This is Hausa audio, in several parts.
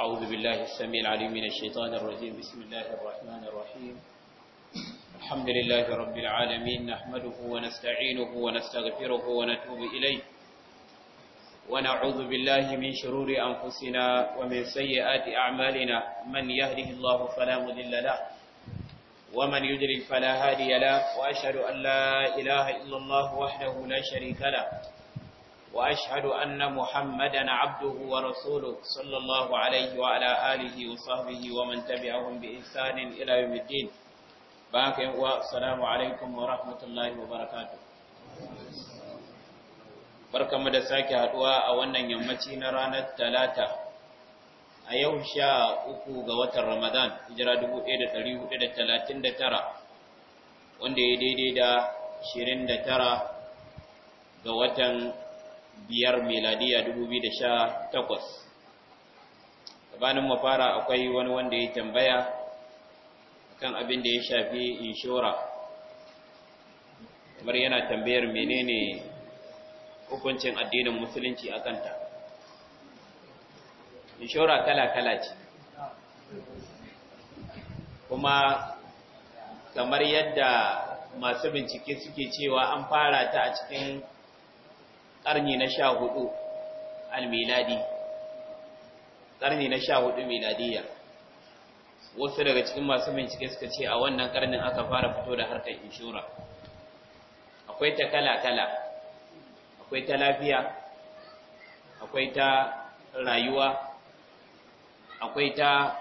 أعوذ بالله السميع العليم من الشيطان الرجيم بسم الله الرحمن الرحيم الحمد لله رب العالمين نحمده ونستعينه ونستغفره ونتوب إليه ونعوذ بالله من شرور أنفسنا ومن سيئات أعمالنا من يهده الله فلا مضل له ومن يدرك فلا هادي له وأشهد أن لا إله إلا الله وحده لا شريك له وأشهد أن محمدا عبده ورسوله صلى الله عليه وعلى آله وصحبه ومن تبعهم بإحسان إلى يوم الدين باقي والسلام عليكم ورحمة الله وبركاته barkamu da sake haduwa a wannan yammaci na ranar talata a yau sha uku ga watan ramadan hijira 1439 wanda ya daidai da 29 ga watan biyar miladiya dubu biyu da sha takwas gabanin mu fara akwai wani wanda ya tambaya kan abin da ya shafi inshora kamar yana tambayar menene hukuncin addinin musulunci a kanta inshora kala-kala ce kuma kamar yadda masu bincike suke cewa an fara ta a cikin ƙarni na sha hudu almiladi ƙarni na sha hudu miladiyya wasu daga cikin masu bincike suka ce a wannan ƙarnin aka fara fito da harkar inshura akwai ta kala-kala akwai ta lafiya akwai ta rayuwa akwai ta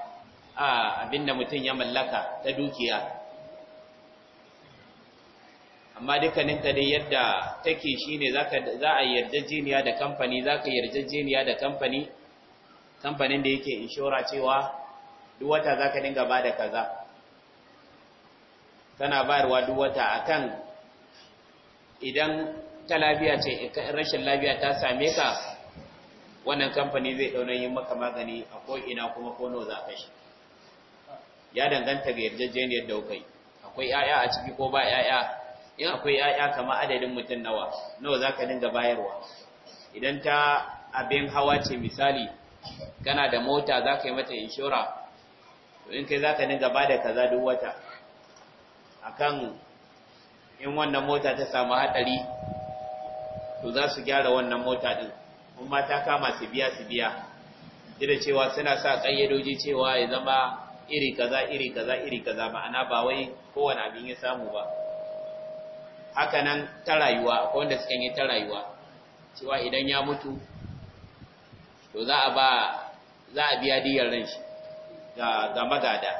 abinda mutum ya mallaka ta dukiya amma dukkanin ta dai yadda take shine zaka za a yarjejeniya da kamfani zaka yarjejeniya da kamfani kamfanin da yake inshora cewa duk wata zaka dinga bada kaza tana bayarwa duk wata akan idan ta lafiya ce rashin lafiya ta same ka wannan kamfani zai dauna yin maka magani a ko ina kuma ko nawa za ka shi ya danganta ga yarjejeniyar da kai akwai 'ya'ya a ciki ko ba 'ya'ya in akwai ‘ya'ya kama adadin mutum nawa nawa za ka dinga bayarwa idan ta abin hawa ce misali kana da mota za ka yi mata inshora in kai za ka dinga ba da kaza duk wata akan in wannan mota ta samu haɗari to za su gyara wannan mota ɗin kuma ta kama su biya su biya da cewa suna sa kayyadoji cewa ya zama iri kaza iri kaza iri kaza ma'ana ba wai kowane abin ya samu ba haka nan ta rayuwa akwai wanda suka yi ta rayuwa cewa idan ya mutu to za a ba za a biya diyar ran shi ga ga magada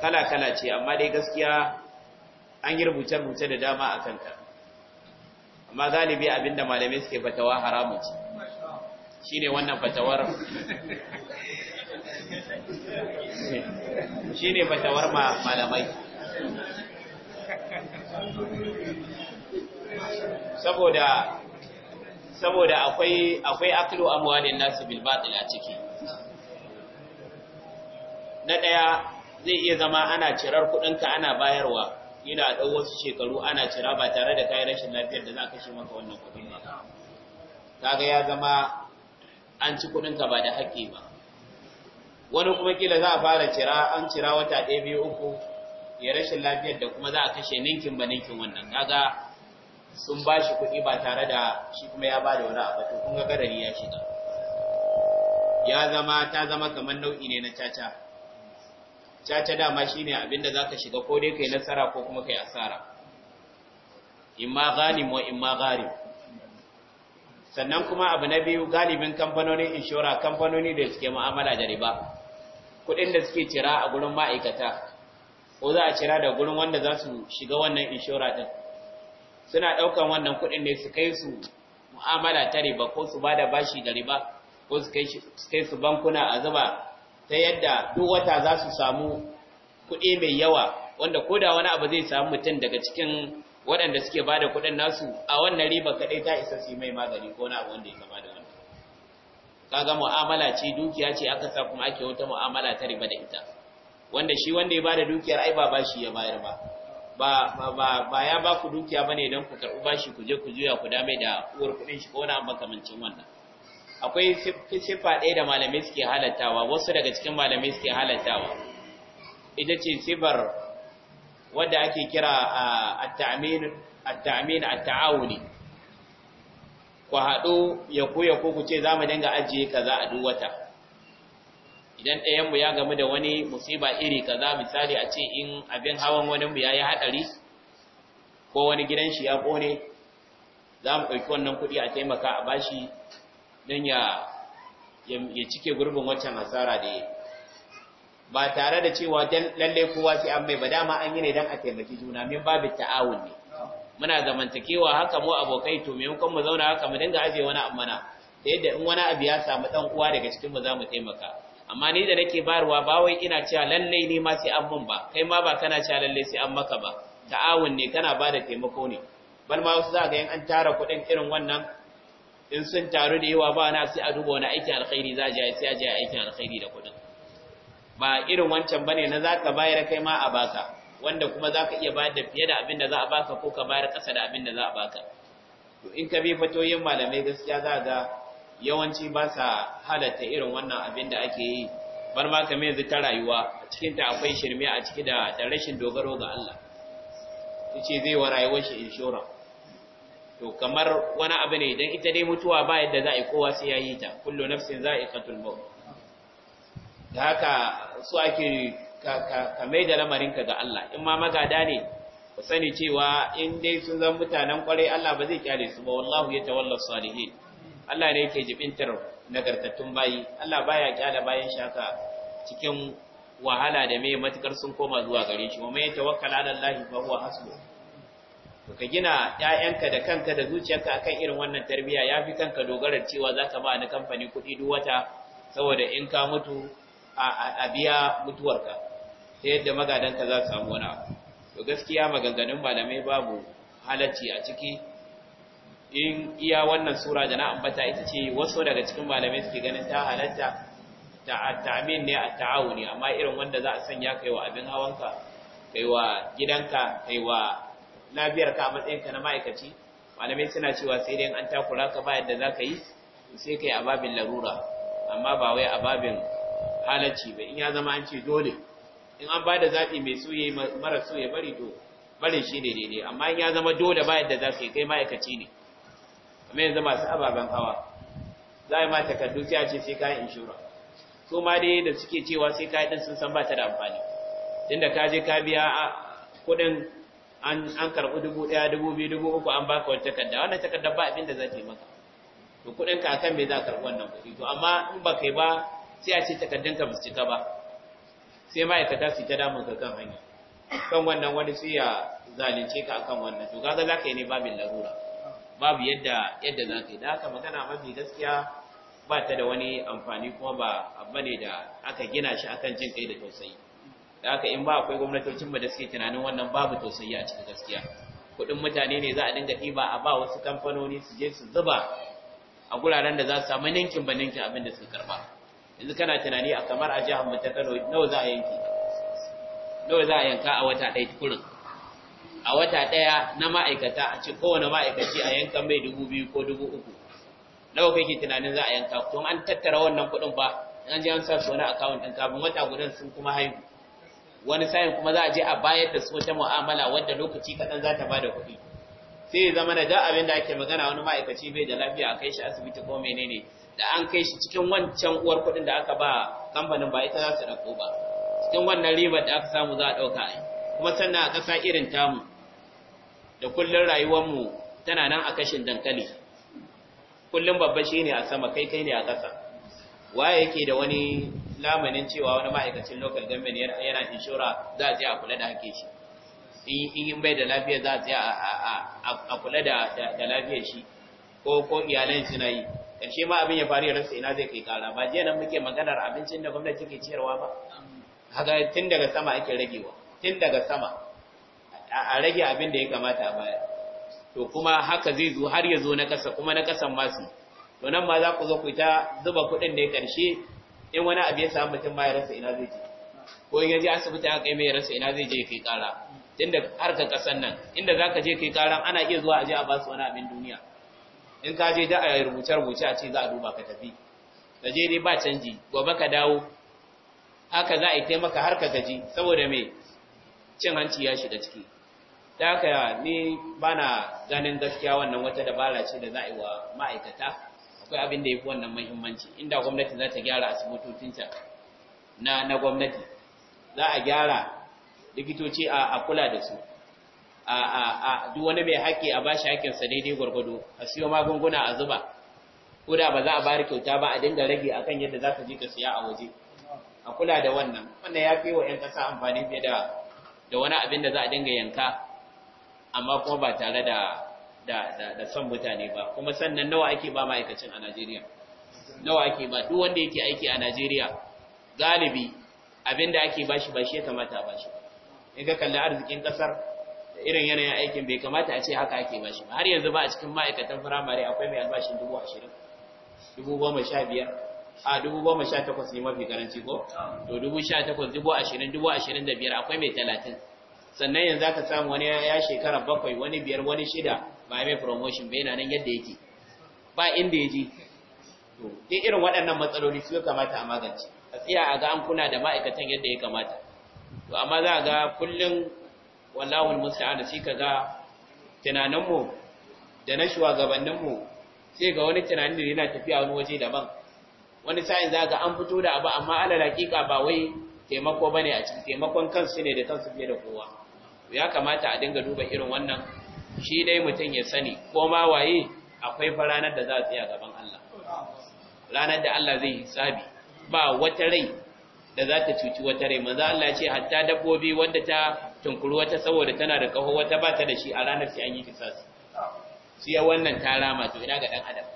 kala kala ce amma dai gaskiya an yi rubuce rubuce da dama a kanta amma galibi abinda malamai suke fatawa haramun ce shine wannan fatawar shine fatawar malamai saboda akwai akwai aklu amwalin nasu bil batil a ciki na daya zai iya zama ana cirar kudinka ana bayarwa yana a wasu shekaru ana cira ba tare da kayan rashin lafiyar da za ka kashe maka wannan kudin ba kaga ya zama an ci kudinka ba da haƙƙi ba wani kuma kila za a fara cira an cira wata ɗaya biyu uku ya rashin lafiyar da kuma za a kashe ninkin ba ninkin wannan kaga sun ba shi kuɗi ba tare da shi kuma ya ba da wani abu to kun ga garari ya shiga ya zama ta zama kamar nau'i ne na caca caca dama shine abinda zaka shiga ko dai kai nasara ko kuma kai asara imma ghalim wa imma gharib sannan kuma abu na biyu galibin kamfanonin inshora kamfanoni da suke mu'amala da riba kuɗin da suke cira a gurin ma'aikata ko za a cira da gurin wanda za su shiga wannan inshora ɗin? suna ɗaukan wannan kuɗin ne su kai su mu'amala ta riba ko su bada bashi da riba ko su kai su bankuna a zuba ta yadda duk wata za su samu kuɗi mai yawa wanda ko da wani abu zai samu mutum daga cikin waɗanda suke bada kuɗin nasu a wannan riba kaɗai ta isa su yi mai magani ko na abu wanda ya kama da wannan kaga mu'amala ce dukiya ce aka sa kuma ake wata mu'amala ta riba da ita wanda shi wanda ya bada dukiyar ai ba bashi ya bayar ba ba ba ba ya ba ku dukiya bane don ku karɓi bashi ku je ku juya ku dame da uwar kuɗin shi ko wani abu makamancin wannan akwai sifa ɗaya da malamai suke halattawa wasu daga cikin malamai suke halattawa ita ce sifar wadda ake kira a ta'amin ne. taawuni ku haɗu ya ku ya ku ku ce za mu dinga ajiye kaza a duk wata idan ɗayanmu ya gamu da wani musiba iri kaza misali a ce in abin hawan wani ya yi haɗari, ko wani gidan shi ya kone za mu ɗauki wannan kuɗi a taimaka a bashi don ya cike gurbin wancan hasara da ya ba tare da cewa dan lalle kowa sai an mai ba dama an yi ne dan a taimaki juna min babu ta'awun ne muna zamantakewa haka mu abokai to maimakon mu zauna haka mu dinga ajiye wani amana da yadda in wani abu ya samu dan uwa daga cikin mu za mu taimaka amma ni da nake bayarwa ba wai ina cewa lalle ne ma sai an mun ba kai ma ba kana cewa lalle sai an maka ba ta'awun ne kana bada taimako ne bal ma wasu za ga yan an tara kuɗin irin wannan in sun taru da yawa ba na sai a duba wani aikin alkhairi za a sai a je aikin alkhairi da kuɗin ba irin wancan bane na zaka bayar kai ma a baka wanda kuma zaka iya bayar da fiye da abin da za a baka ko ka bayar ƙasa da abin da za a baka to in ka bi fatoyin malamai gaskiya za ga yawanci ba sa halatta irin wannan abin da ake yi bar ma kamar yanzu ta rayuwa a cikin ta akwai shirme a ciki da da rashin dogaro ga Allah yace zai wa rayuwar shi inshora to kamar wani abu ne idan ita dai mutuwa ba yadda za a yi kowa sai ya yi ta kullu nafsin za'iqatul maut da haka su ake ka mai da lamarinka ga Allah in ma magada ne ku sani cewa in dai sun zan mutanen kwarai Allah ba zai kyale su ba wallahu ya tawalla salihin Allah ne yake jibintar nagartattun bayi Allah baya kyala bayan shaka cikin wahala da mai matukar sun koma zuwa gare shi kuma ya tawakkala ala Allah fa huwa hasbu to ka gina ƴaƴanka da kanka da zuciyarka akan irin wannan tarbiyya yafi kanka dogara cewa za ka ba ni kamfani kuɗi duk wata saboda in ka mutu a biya mutuwarka ta yadda magadanka za su samu wani to gaskiya maganganun malamai babu halacci a ciki in iya wannan sura da na ambata ita ce wasu daga cikin malamai suke ganin ta halatta ta'min ne a ta'awuni amma irin wanda za a sanya kai wa abin hawanka kai wa gidanka kai wa ka a matsayinka na ma'aikaci malamai suna cewa sai dai an takura ka ba yadda za ka yi sai kai ababin larura amma ba wai ababin halacci ba in ya zama an ce dole in an ba da zaɓi mai suye mara suye bari to bari shi ne daidai amma in ya zama dole ba yadda za ka yi kai ma'aikaci ne kamar yanzu masu ababen hawa za a yi ma takardu sai a ce sai kayan inshura su ma dai da suke cewa sai kayan ɗin sun san ba ta da amfani tunda ka je ka biya kuɗin an karɓi dubu ɗaya dubu biyu dubu uku an baka wata takarda wannan takarda ba abin da za ta yi maka to kuɗin ka akan me za ka karɓi wannan kuɗi to amma in ba kai ba sai a ce takardun ka su cika ba sai ma'aikata su ta damun ka kan hanya kan wannan wani sai ya zalunce ka akan wannan to kaga za ka yi ne babin larura babu yadda yadda za ka yi da haka magana mafi gaskiya ba ta da wani amfani kuma ba abu ne da aka gina shi akan jin kai da tausayi da haka in ba akwai gwamnatocin ba da suke tunanin wannan babu tausayi a cikin gaskiya kuɗin mutane ne za a dinga ɗiba a ba wasu kamfanoni su je su zuba a guraren da za su samu ninkin ba ninkin abin da suka karba yanzu kana tunani a kamar a jihar mu ta Kano za nawa za a yanka a wata ɗaya tukurin a wata ɗaya na ma'aikata a ce kowane ma'aikaci a yanka mai dubu biyu ko dubu uku nawa ke tunanin za a yanka tun an tattara wannan kuɗin ba an ji an sa su wani akawun ɗin kafin wata gudun sun kuma haihu wani sayin kuma za a je a bayar da su wata mu'amala wadda lokaci kaɗan za ta ba da kuɗi sai ya zama da da abin da ake magana wani ma'aikaci bai da lafiya a kai shi asibiti ko menene da an kai shi cikin wancan uwar kuɗin da aka ba kamfanin ba ita za su ɗauko ba cikin wannan ribar da aka samu za a ɗauka a kuma sannan a ƙasa irin tamu da kullun mu tana nan a kashin dankali kullun babba ne a sama kai kai ne a ƙasa waye yake da wani lamanin cewa wani ma'aikacin local government yana inshora za a je a kula da hake shi in bai da lafiya za a je a kula da lafiyar shi ko ko iyalan suna yi ƙarshe ma abin ya faru ya rasa ina zai kai kara ba je nan muke maganar abincin da gwamnati ke ciyarwa ba haka tun daga sama ake ragewa tun daga sama a rage abin da ya kamata a baya to kuma haka zai zo har ya zo na kasa kuma na kasan masu to nan ma za ku zo ku ta zuba kuɗin da ya ƙarshe in wani abu ya samu mutum ma ya rasa ina zai je ko in yaje asibiti aka kai mai ya rasa ina zai je kai ƙara tunda har ka kasan nan inda za ka je kai ƙara ana iya zuwa a je a ba su wani abin duniya in ka je da a rubuce rubuce a ce za a duba ka tafi ka je dai ba canji gobe ka dawo haka za a yi taimaka har ka gaji saboda mai cin hanci ya shiga ciki da ne ni bana ganin gaskiya wannan wata dabara ce da za a yi wa ma'aikata akwai abin da ya fi wannan muhimmanci inda gwamnati za ta gyara asibitocinta na na gwamnati za a gyara likitoci a a kula da su a a a duk wani mai haƙƙi a bashi haƙƙinsa daidai gwargwado a siyo magunguna a zuba ko da ba za a bari kyauta ba a dinga rage akan yadda za ka je ka siya a waje a kula da wannan wannan ya fi wa 'yan ƙasa amfani fiye da da wani abin da za a dinga yanka amma kuma ba tare da da da son mutane ba kuma sannan nawa ake ba ma'aikacin a Najeriya nawa ake ba duk wanda yake aiki a Najeriya galibi abinda ake bashi ba shi ya kamata a shi in ka kalli arzikin kasar irin yanayin aikin bai kamata a ce haka ake bashi har yanzu ba a cikin ma'aikatan firamare akwai mai albashin dubu ashirin dubu goma sha biyar a dubu goma sha takwas ne mafi karanci ko to dubu sha takwas dubu ashirin dubu ashirin da biyar akwai mai talatin sannan yanzu aka samu wani ya shekara bakwai wani biyar wani shida ba mai promotion bai na nan yadda yake ba inda ya ji to dai irin waɗannan matsaloli su kamata a magance a tsaya a ga an kuna da ma'aikatan yadda ya kamata to amma za a ga kullum wallahul musta'an sai ka ga tunaninmu da na shugabanninmu sai ga wani tunanin da yana tafiya wani waje daban wani sa'in za ga an fito da abu amma alal hakika ba wai taimako bane a cikin taimakon kansu ne da kansu fiye da kowa ya kamata a dinga duba irin wannan shi dai mutum ya sani ko ma waye akwai faranar ranar da za a tsaya gaban Allah ranar da Allah zai hisabi ba wata rai da za ta cuci wata rai manzo Allah ya ce hatta dabbobi wanda ta tunkuru wata saboda tana da kaho wata ba ta da shi a ranar sai an yi shi sai wannan ta rama to ina ga dan adam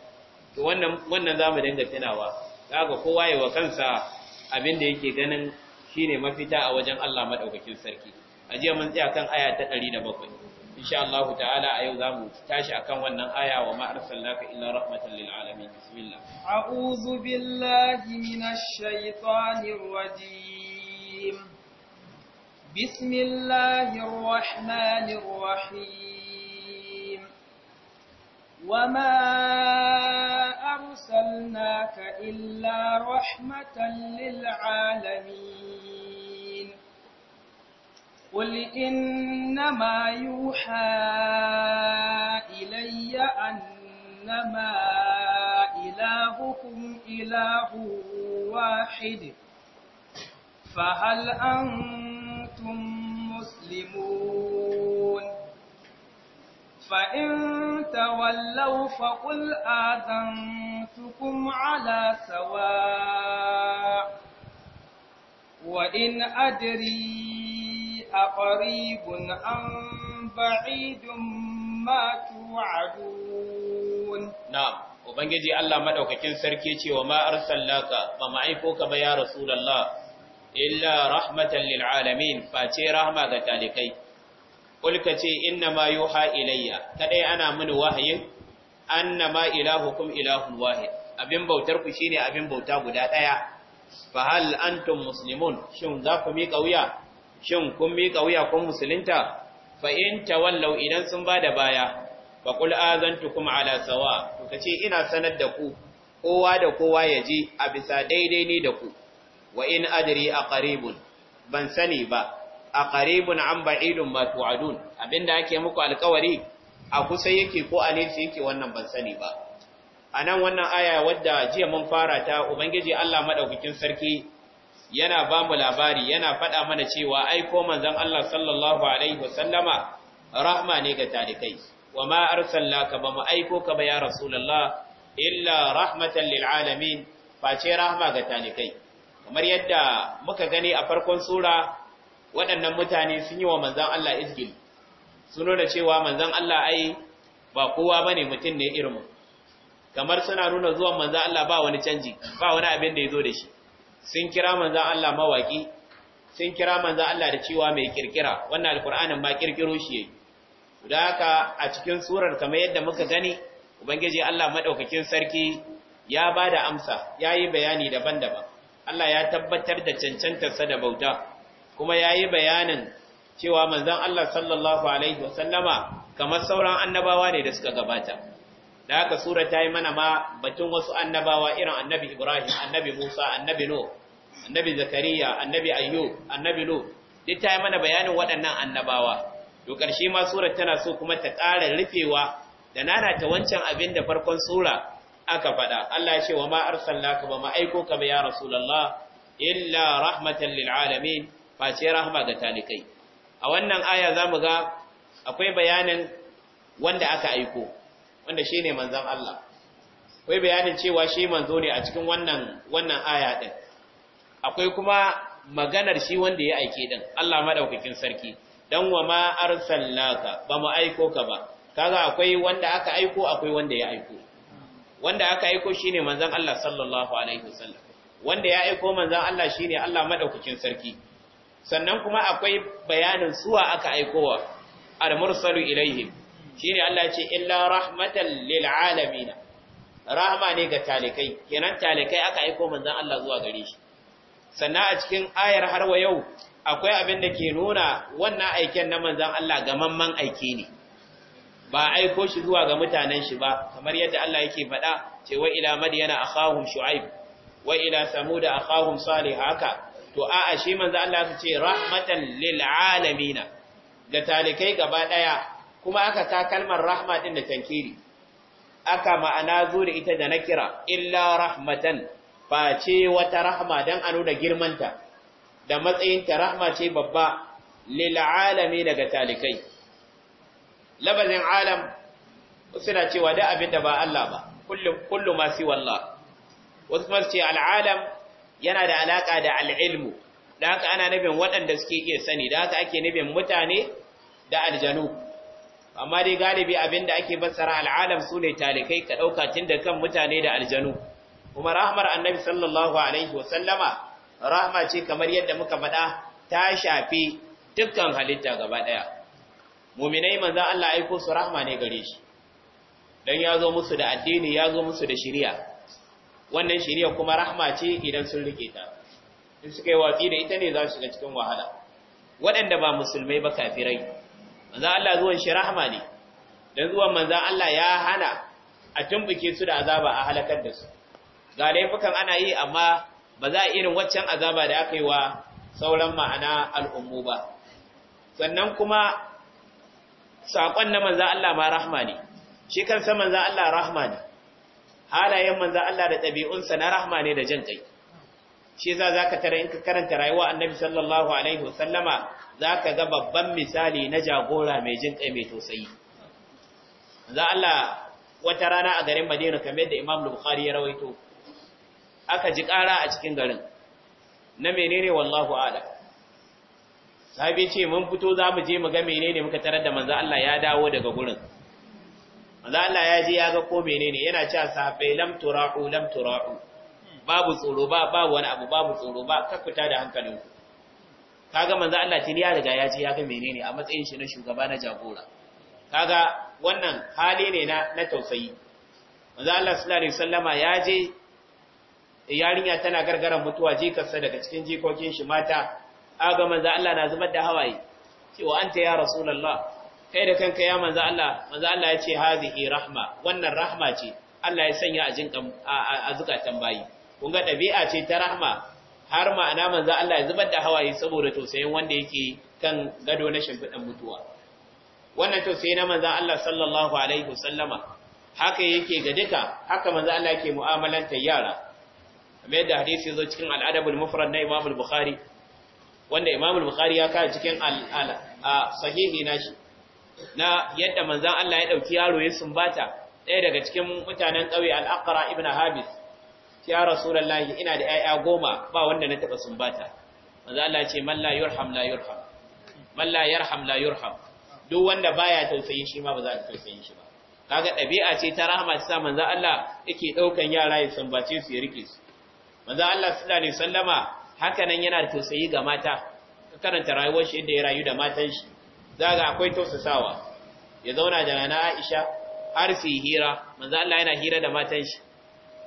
to wannan wannan zamu dinga tunawa kaga kowa yayi wa kansa abin da yake ganin shine mafita a wajen Allah madaukakin sarki aje mun tsaya kan aya ta 107 insha Allah ta'ala a yau zamu tashi akan wannan aya wa ma arsalnaka illa rahmatan lil alamin bismillah a'udhu billahi minash shaitanir rajim bismillahir rahmanir rahim وما illa إلا رحمة للعالمين قل إنما يوحى إلي أنما إلهكم إله واحد فهل أنتم مسلمون فإن تولوا فقل آذنتكم على سواء وإن أدري أقريب أم بعيد ما توعدون نعم Ubangiji Allah maɗaukakin sarki ce wa ma'ar sallaka. ba ma'aiko ka ba ya Rasulallah, illa rahmatan lil'alamin face rahma ga talikai. Kulka ce inna ma yuha ilayya, kaɗai ana mini wahayin, anna ma ilahukum ilahun wahid, abin bautar ku shine abin bauta guda ɗaya, Fahal hal antum muslimun shin za ku miƙa wuya shin kun miƙa wuya kun musulunta fa in tawallau idan sun ba da baya fa qul azantukum ala sawa to ce ina sanar da ku kowa da kowa ya ji a bisa daidai ne da ku wa in adri aqribun ban sani ba aqribun an ba'idun ma tu'adun abinda ake muku alƙawari a kusa yake ko a nesa yake wannan ban sani ba anan wannan aya wadda jiya mun fara ta ubangiji Allah madaukakin sarki yana ba mu labari yana faɗa mana cewa ai ko manzon Allah sallallahu alaihi wasallama rahma ne ga talikai wa ma arsalnaka ba mu aiko ka ba ya rasulullah illa rahmatan lil alamin face rahma ga talikai kamar yadda muka gani a farkon sura waɗannan mutane sun yi wa manzon Allah izgil sun nuna cewa manzon Allah ai ba kowa bane mutum ne irin kamar suna nuna zuwan manzon Allah ba wani canji ba wani abin da ya zo da shi sun kira manzan Allah mawaki sun kira manzan Allah da cewa mai kirkira wannan alkur'anin ba kirkiro shi yayi da haka a cikin surar kamar yadda muka gani ubangiji Allah madaukakin sarki ya ba da amsa yayi bayani daban-daban Allah ya tabbatar da cancantarsa da bauta kuma yayi bayanin cewa manzon Allah sallallahu alaihi wasallama kamar sauran annabawa ne da suka gabata da haka sura ta yi mana ma batun wasu annabawa irin annabi Ibrahim, annabi Musa, annabi No, annabi Zakariya, annabi ayyu annabi Lut, duk ta yi mana bayanin waɗannan annabawa. To ƙarshe ma sura tana so kuma ta ƙara rufewa da ta wancan abin da farkon sura aka faɗa. Allah ya ce wa ma arsalnaka ba ma aiko ka ba ya Rasulullah illa rahmatan lil alamin face rahma ga talikai. A wannan aya zamu ga akwai bayanin wanda aka aiko. wanda shi ne manzan Allah wai bayanin cewa shi manzo ne a cikin wannan wannan aya ɗin. akwai kuma maganar shi wanda ya aike din Allah maɗaukakin sarki don wa ma arsalnaka ba mu aiko ka ba kaga akwai wanda aka aiko akwai wanda ya aiko wanda aka aiko shi ne manzan Allah sallallahu alaihi wasallam wanda ya aiko manzan Allah shi ne Allah maɗaukakin sarki sannan kuma akwai bayanin suwa aka aikowa al-mursalu ilaihim Shi ne Allah ce illa rahmatan lil alamin rahma ne ga talikai kenan talikai aka aiko manzon Allah zuwa gare shi sannan a cikin ayar har wa yau akwai abin da ke nuna wannan aiken na manzon Allah ga mamman aiki ne ba aiko shi zuwa ga mutanen shi ba kamar yadda Allah yake faɗa ce wa ila madyana akhahum shu'aib wa ila samuda akhahum salih haka to a'a shi manzon Allah ya ce rahmatan lil alamin ga talikai gaba daya kuma aka sa kalmar rahma din da tankiri aka ma'ana zo da ita da nakira illa rahmatan face wata rahma dan a nuna girmanta da matsayinta rahma ce babba lil alami daga talikai Labarin alam suna cewa da abin da ba Allah ba kullu ma siwa Allah wasu ce al'alam yana da alaka da al'ilmu da haka ana nufin waɗanda suke iya sani da haka ake nufin mutane da aljanu amma dai galibi abinda ake fassara al'alam su ne talikai ka ɗauka tun da kan mutane da aljanu kuma rahmar annabi sallallahu alaihi wasallama rahma ce kamar yadda muka faɗa ta shafi dukkan halitta gaba ɗaya muminai manzo Allah aiko su rahma ne gare shi dan ya zo musu da addini ya zo musu da shari'a wannan shari'a kuma rahma ce idan sun rike ta in suka yi watsi da ita ne za su shiga cikin wahala waɗanda ba musulmai ba kafirai manzan Allah zuwa shi rahama ne don zuwan manzan Allah ya hana a tumbuke su da azaba a halakar da su ga laifukan ana yi amma ba za a irin waccan azaba da aka yi wa sauran ma'ana al'ummu ba sannan kuma sakon na manzan Allah ma rahama ne shi kansa manzan Allah rahama ne halayen manzan Allah da ɗabi'unsa na rahama ne da jin kai shi za za ka tara in ka karanta rayuwa annabi sallallahu alaihi wasallama za ka ga babban misali na jagora mai jin kai mai tausayi za Allah wata rana a garin Madina kamar da Imam Bukhari ya rawaito aka ji kara a cikin garin na menene wallahu a'lam sahabi ce mun fito za mu je mu ga menene muka tarar da manzo Allah ya dawo daga gurin manzo Allah ya je ya ga ko menene yana cewa sahabbai lam tura'u lam tura'u babu tsoro ba babu wani abu babu tsoro ba fita da hankalinku kaga manzo Allah tin ya riga ya ce ya ga menene a matsayin shi na shugaba na jagora kaga wannan hali ne na na tausayi manzo Allah sallallahu alaihi wasallama ya je yarinya tana gargaran mutuwa jikarsa daga cikin jikokin shi mata kaga manzo Allah na zubar da hawaye cewa anta ya rasulullah kai da kanka ya manzo Allah manzo Allah ya ce hazihi rahma wannan rahma ce Allah ya sanya a jinkan a zukatan bayi kun ga dabi'a ce ta rahma har ma'ana manzo Allah ya zubar da hawaye saboda tausayin wanda yake kan gado na shimfiɗan mutuwa wannan tausayi na manzo Allah sallallahu alaihi wasallama haka yake ga duka haka manzo Allah yake mu'amalanta yara kamar yadda hadisi zo cikin al mufrad na Imam bukhari wanda Imam bukhari ya kawo cikin al a sahihi shi. na yadda manzo Allah ya dauki yaro ya sumbata ɗaya daga cikin mutanen ƙauye al-Aqra ibn Habis ya rasulullahi ina da 'ya'ya goma ba wanda na taba sumbata manzo Allah ce man yurham la yurham man la la yurham duk wanda baya tausayin shi ma ba za a tausayin shi ba kaga ɗabi'a ce ta rahama ta sa manza Allah yake ɗaukan yara ya sumbace su ya rike su maza Allah sallallahu ne wasallama haka nan yana da tausayi ga mata karanta rayuwar shi inda ya rayu da matan shi ga akwai tausasawa ya zauna da na Aisha har su yi hira Manza Allah yana hira da matan shi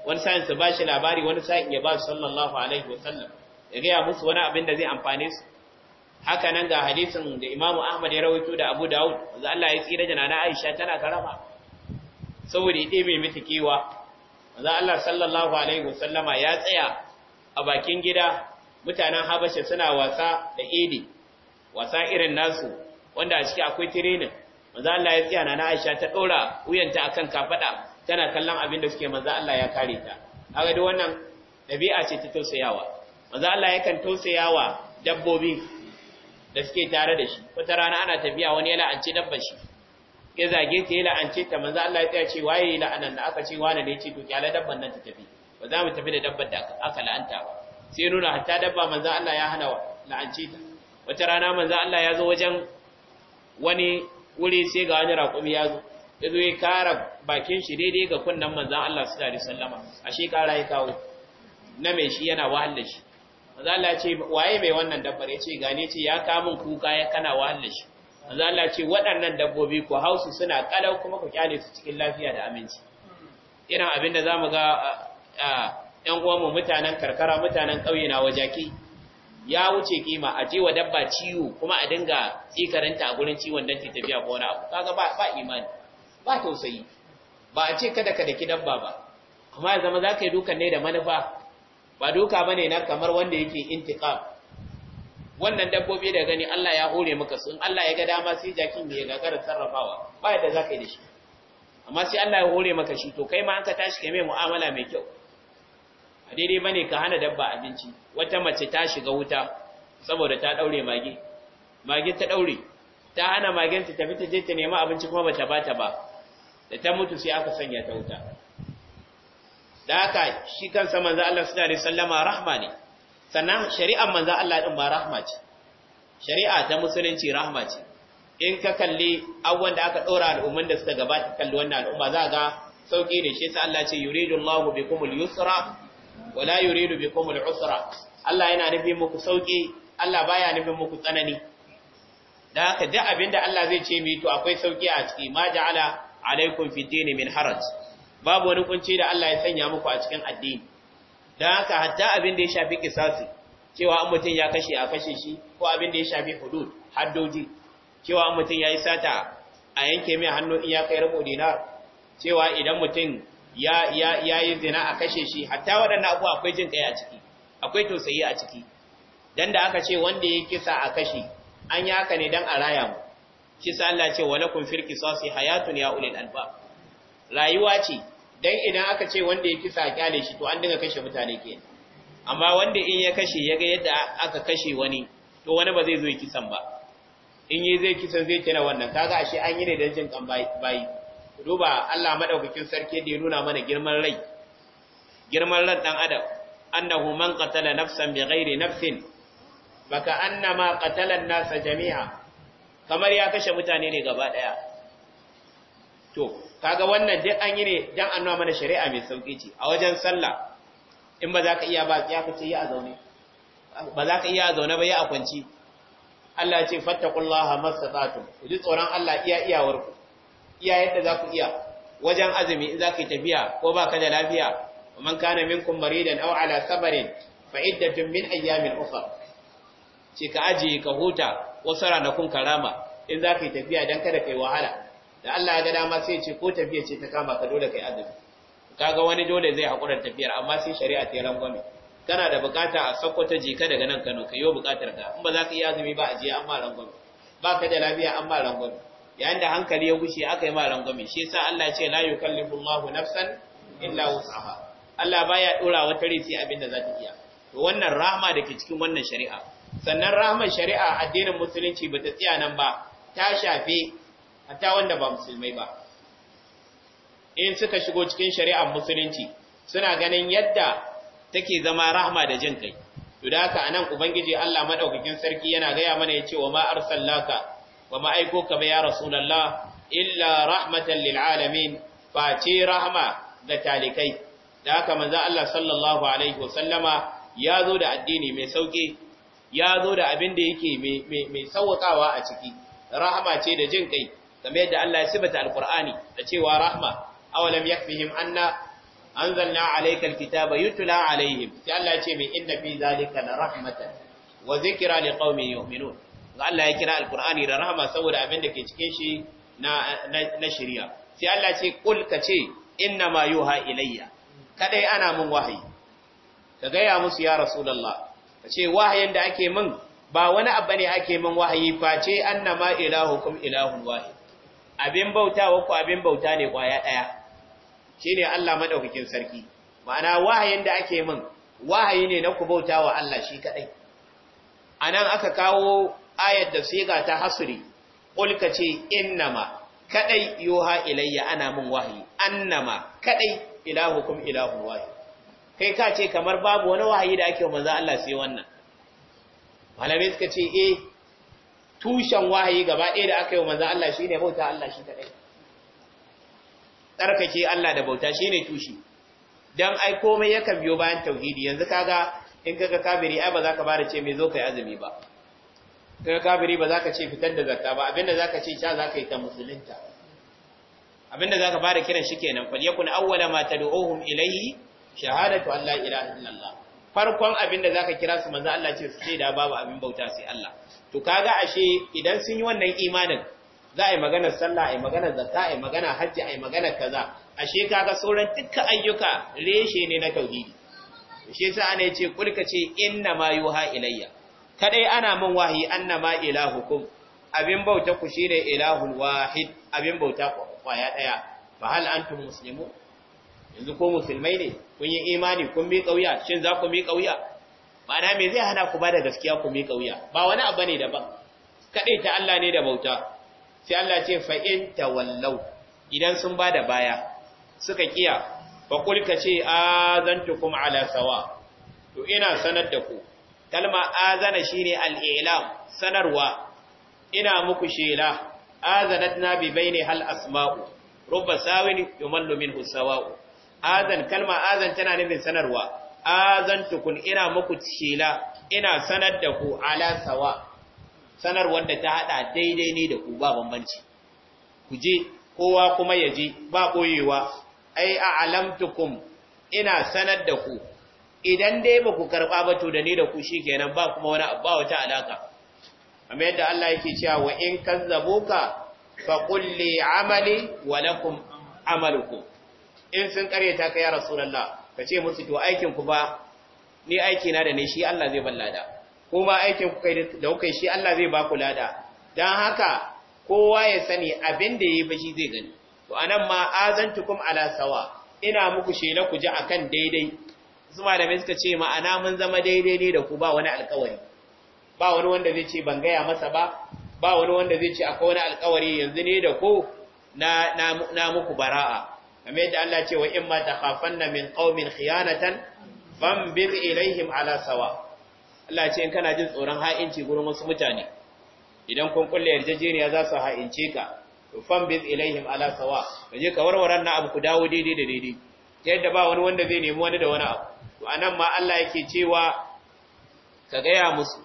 wani sa'in su ba shi labari wani sa'in ya ba su sallallahu alaihi wasallam ya gaya musu wani abin da zai amfane su haka nan ga hadisin da imamu ahmad ya rawaito da abu dawud wanda allah ya tsira jana na aisha tana karama saboda ya mai mata kewa wanda allah sallallahu alaihi wasallama ya tsaya a bakin gida mutanen habasha suna wasa da idi wasa irin nasu wanda a ciki akwai tirenin wanda allah ya tsaya na aisha ta ɗora wuyanta akan kafaɗa tana kallon abin da suke manzo Allah ya kare ta kaga da wannan dabi'a ce ta tausayawa manzo Allah yakan tausayawa dabbobin da suke tare da shi wata rana ana tafiya wani ya la'anci dabbar shi ke zage ta ya la'ance ta manzo Allah ya tsaya ce waye anan da aka ce wani ne yace ce to kyala dabban nan ta tafi ba za mu tafi da dabbar da aka la'anta ba sai nuna hatta dabba manzo Allah ya hana la'anci ta wata rana manzo Allah ya zo wajen wani wuri sai ga wani raƙumi ya zo ya ya kara bakin shi daidai ga kunnan manzan Allah su tare sallama a shi kara ya kawo na mai shi yana wahal shi manzan Allah ce waye mai wannan dabbar ya ce gane ce ya kamun kuka ya kana wahal da shi manzan Allah ce waɗannan dabbobi ku hausu suna kalau kuma ku kyale su cikin lafiya da aminci irin abin da zamu mu ga ‘yan uwanmu mutanen karkara mutanen ƙauye na wajaki ya wuce kima a je wa dabba ciwo kuma a dinga tsikarinta a gurin ciwon don ta tafiya ko wani abu kaga ba imani ba tausayi ba a ce kada ka daki dabba ba amma ya zama za ka yi dukan ne da manufa ba duka bane na kamar wanda yake intiqam wannan dabbobi da gani Allah ya hore maka sun Allah ya ga dama sai jakin ya gagara sarrafawa ba yadda za ka yi da shi amma sai Allah ya hore maka shi to kai ma an ka tashi kai mai mu'amala mai kyau a daidai bane ka hana dabba abinci wata mace ta shiga wuta saboda ta daure mage mage ta daure ta hana magenta ta fita je ta nemi abinci kuma ba bata bata ba da ta mutu sai aka sanya ta wuta da haka shi kansa manzo Allah sallallahu alaihi wasallama rahma ne sannan shari'ar manzo Allah din ba rahma ce shari'a ta musulunci rahma ce in ka kalli abubuwan da aka ɗora al'umman da suka gabata kalli wannan al'umma za ga sauƙi ne, shi ta Allah ce yuridu Allah bikum al-yusra wa la yuridu bikum al-usra Allah yana nufin muku sauƙi Allah baya nufin muku tsanani da haka duk abinda Allah zai ce mai to akwai sauƙi a ciki ma ja'ala alaikum fitini min haraj babu wani kunci da Allah ya sanya muku a cikin addini dan haka hatta abin da ya shafi kisasi cewa an mutum ya kashe a kashe shi ko abin da ya shafi hudud haddoji cewa an mutum ya yi sata a yanke mai hannu in ya kai rubu dinar cewa idan mutum ya ya ya yi zina a kashe shi hatta waɗannan abu akwai jin kai a ciki akwai tausayi a ciki dan da aka ce wanda ya kisa a kashe an yi haka ne dan a raya mu shi sa Allah ce walakum fil qisasi hayatun ya ulil alba rayuwa ce dan idan aka ce wanda ya kisa kyale shi to an dinga kashe mutane kenan amma wanda in ya kashe yaga yadda aka kashe wani to wani ba zai zo ya kisan ba in yi zai kisan zai kira wannan kaga ashe an yi ne dan jin kan bayi duba Allah madaukakin sarki da ya nuna mana girman rai girman ran dan adam annahu man qatala nafsan bighairi nafsin baka annama qatala an-nasa jami'a kamar ya kashe mutane ne gaba daya to kaga wannan duk an yi ne dan an mana shari'a mai sauki ce a wajen sallah in ba za ka iya ba ya kace ya zaune ba za ka iya zaune ba ya a kwanci Allah ya ce fattaqullaha mastata'tum ku ji tsoron Allah iya iyawar ku iya yadda za ku iya wajen azumi in za ka yi tafiya ko ba ka da lafiya man kana minkum maridan aw ala sabarin fa iddatun min ayyamin ukhra ce ka ajiye ka huta wasu ranakun karama in za ka yi tafiya don kada ka yi wahala da Allah ya ga dama sai ce ko tafiya ce ta kama ka dole ka yi azumi kaga wani dole zai hakura tafiyar amma sai shari'a ta rangwame kana da bukata a sakkwato jika daga nan Kano ka yi bukatar ka in ba za ka yi azumi ba ajiye amma rangwame ba ka da lafiya amma rangwame yayin da hankali ya gushe aka yi ma rangwame shi yasa Allah ya ce la yukallifu Allahu nafsan illa wus'aha Allah baya dora wata rici sai abin da za ta iya to wannan rahma da ke cikin wannan shari'a sannan rahmar shari'a addinin musulunci ba ta tsaya nan ba ta shafe hatta wanda ba musulmai ba in suka shigo cikin shari'ar musulunci suna ganin yadda take zama rahma da jin kai to da anan ubangiji Allah madaukakin sarki yana gaya mana yace wa ma arsalnaka wa ma aikoka ba ya rasulullah illa rahmatan lil alamin fa ce rahma ga talikai da haka manzo Allah sallallahu alaihi wasallama ya zo da addini mai sauki ya zo da abin da yake mai sauƙawa a ciki rahama ce da jin kai game da Allah ya sifata alqur'ani da cewa rahma awalam yakfihim anna anzalna alayka alkitaba yutla alaihim sai Allah ya ce mai inna fi zalika na rahmatan wa zikra liqaumin yu'minun Allah ya kira alqur'ani da rahama saboda abin da ke cikin shi na shirya. sai Allah ce kul ce inna ma yuha ilayya Kaɗai ana mun wahayi ka gaya musu ya rasulallah ce wahayin da ake min ba wani abu ne ake min wahayi face annama ilahukum ilahun wahid abin bauta wa ku abin bauta ne kwaya daya shine Allah madaukakin sarki ma'ana wahayin da ake min wahayi ne na ku bautawa Allah shi kadai anan aka kawo ayat da siga ta hasri qul kace innama kadai yuha ilayya ana min wahayi annama kadai ilahukum ilahun wahid kai ka ce kamar babu wani wahayi da ake manzo Allah sai wannan Malami suka ce eh tushen wahayi gaba ɗaya da aka yi manzo Allah shine bauta Allah shi kadai tsarkake Allah da bauta shine tushi dan ai komai yakan biyo bayan tauhidi yanzu kaga in kaga kafiri ai ba za ka bada ce me zo kai azumi ba kaga kafiri ba za ka ce fitar da zakka ba abinda za ka ce cha za ka yi ta musulunta abinda za ka bada kiran shi kenan yakun awwala ma tad'uhum ilayhi shahadatu Allah ilaha illallah farkon abin da zaka kira su manzo Allah ce su ce da babu abin bauta sai Allah to kaga ashe idan sun yi wannan imanin za a yi maganar sallah a yi maganar zakka a yi maganar hajji a yi maganar kaza ashe kaga sauran dukkan ayyuka reshe ne na tauhidi shi yasa ana yace kulka ce inna ma yuha ilayya kadai ana min wahi annama ilahukum abin bauta ku shine ilahul wahid abin bauta kwaya daya fa hal antum muslimun yanzu ko musulmai ne kun yi imani kun bi kauya shin za ku bi kauya ma'ana me zai hana ku ba da gaskiya ku bi kauya ba wani abu ne daban kadai ta Allah ne da bauta sai Allah ce fa in tawallau idan sun ba da baya suka kiya fa ka ce azantukum ala sawa to ina sanar da ku kalma azana shine al-i'lam sanarwa ina muku shela azanatna bi baini hal asma'u rubba sawin yumallu minhu sawa'u azan kalma azan tana nufin sanarwa azan tukun ina muku shela ina sanar da ku ala sawa Sanar wanda ta hada daidai ne da ku ba bambanci ku je kowa kuma ya je ba koyewa ai a alamtukum ina sanar da ku idan dai ba ku karba ba to da ni da ku shikenan ba kuma wani abba wata alaka amma yadda Allah yake cewa wa in kazzabuka fa qul li amali wa lakum amalukum in sun karyata ka ya rasulullah ka ce musu to aikin ku ba ni aiki na da ne shi Allah zai ballada kuma aikin ku kai da kai shi Allah zai ba ku lada dan haka kowa ya sani abin da yayi ba zai gani to anan ma azantukum ala sawa ina muku shela ku ji akan daidai zuma da mai suka ce ma'ana mun zama daidai ne da ku ba wani alƙawari ba wani wanda zai ce ban gaya masa ba ba wani wanda zai ce akwai wani alƙawari yanzu ne da ku na na muku bara'a kamar yadda Allah ce wa in ma takhafanna min qaumin khiyanatan fambir ilaihim ala sawa Allah ce in kana jin tsoron ha'inci gurin wasu mutane idan kun kulle yarjejeniya za su ha'ince ka to fambir ilaihim ala sawa je ka warware na abu ku dawo daidai da daidai Ta yadda ba wani wanda zai nemi wani da wani abu to anan ma Allah yake cewa ka gaya musu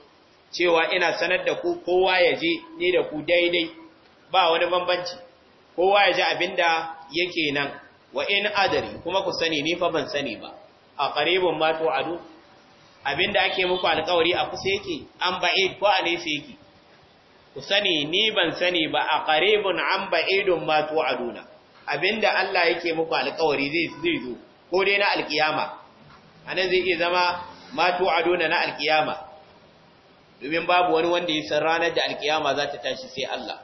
cewa ina sanar da ku kowa ya je ni da ku daidai ba wani bambanci kowa ya ji abinda yake nan wa in adari kuma ku sani ni fa ban sani ba a qaribun ma to adu abinda ake muku alƙawari a kusa yake an ba'id ko a nesa yake ku sani ni ban sani ba a qaribun an ba'idun ma to aduna abinda Allah yake muku alƙawari zai zai zo ko dai na alkiyama anan zai iya zama ma to aduna na alkiyama domin babu wani wanda ya san ranar da alkiyama za ta tashi sai Allah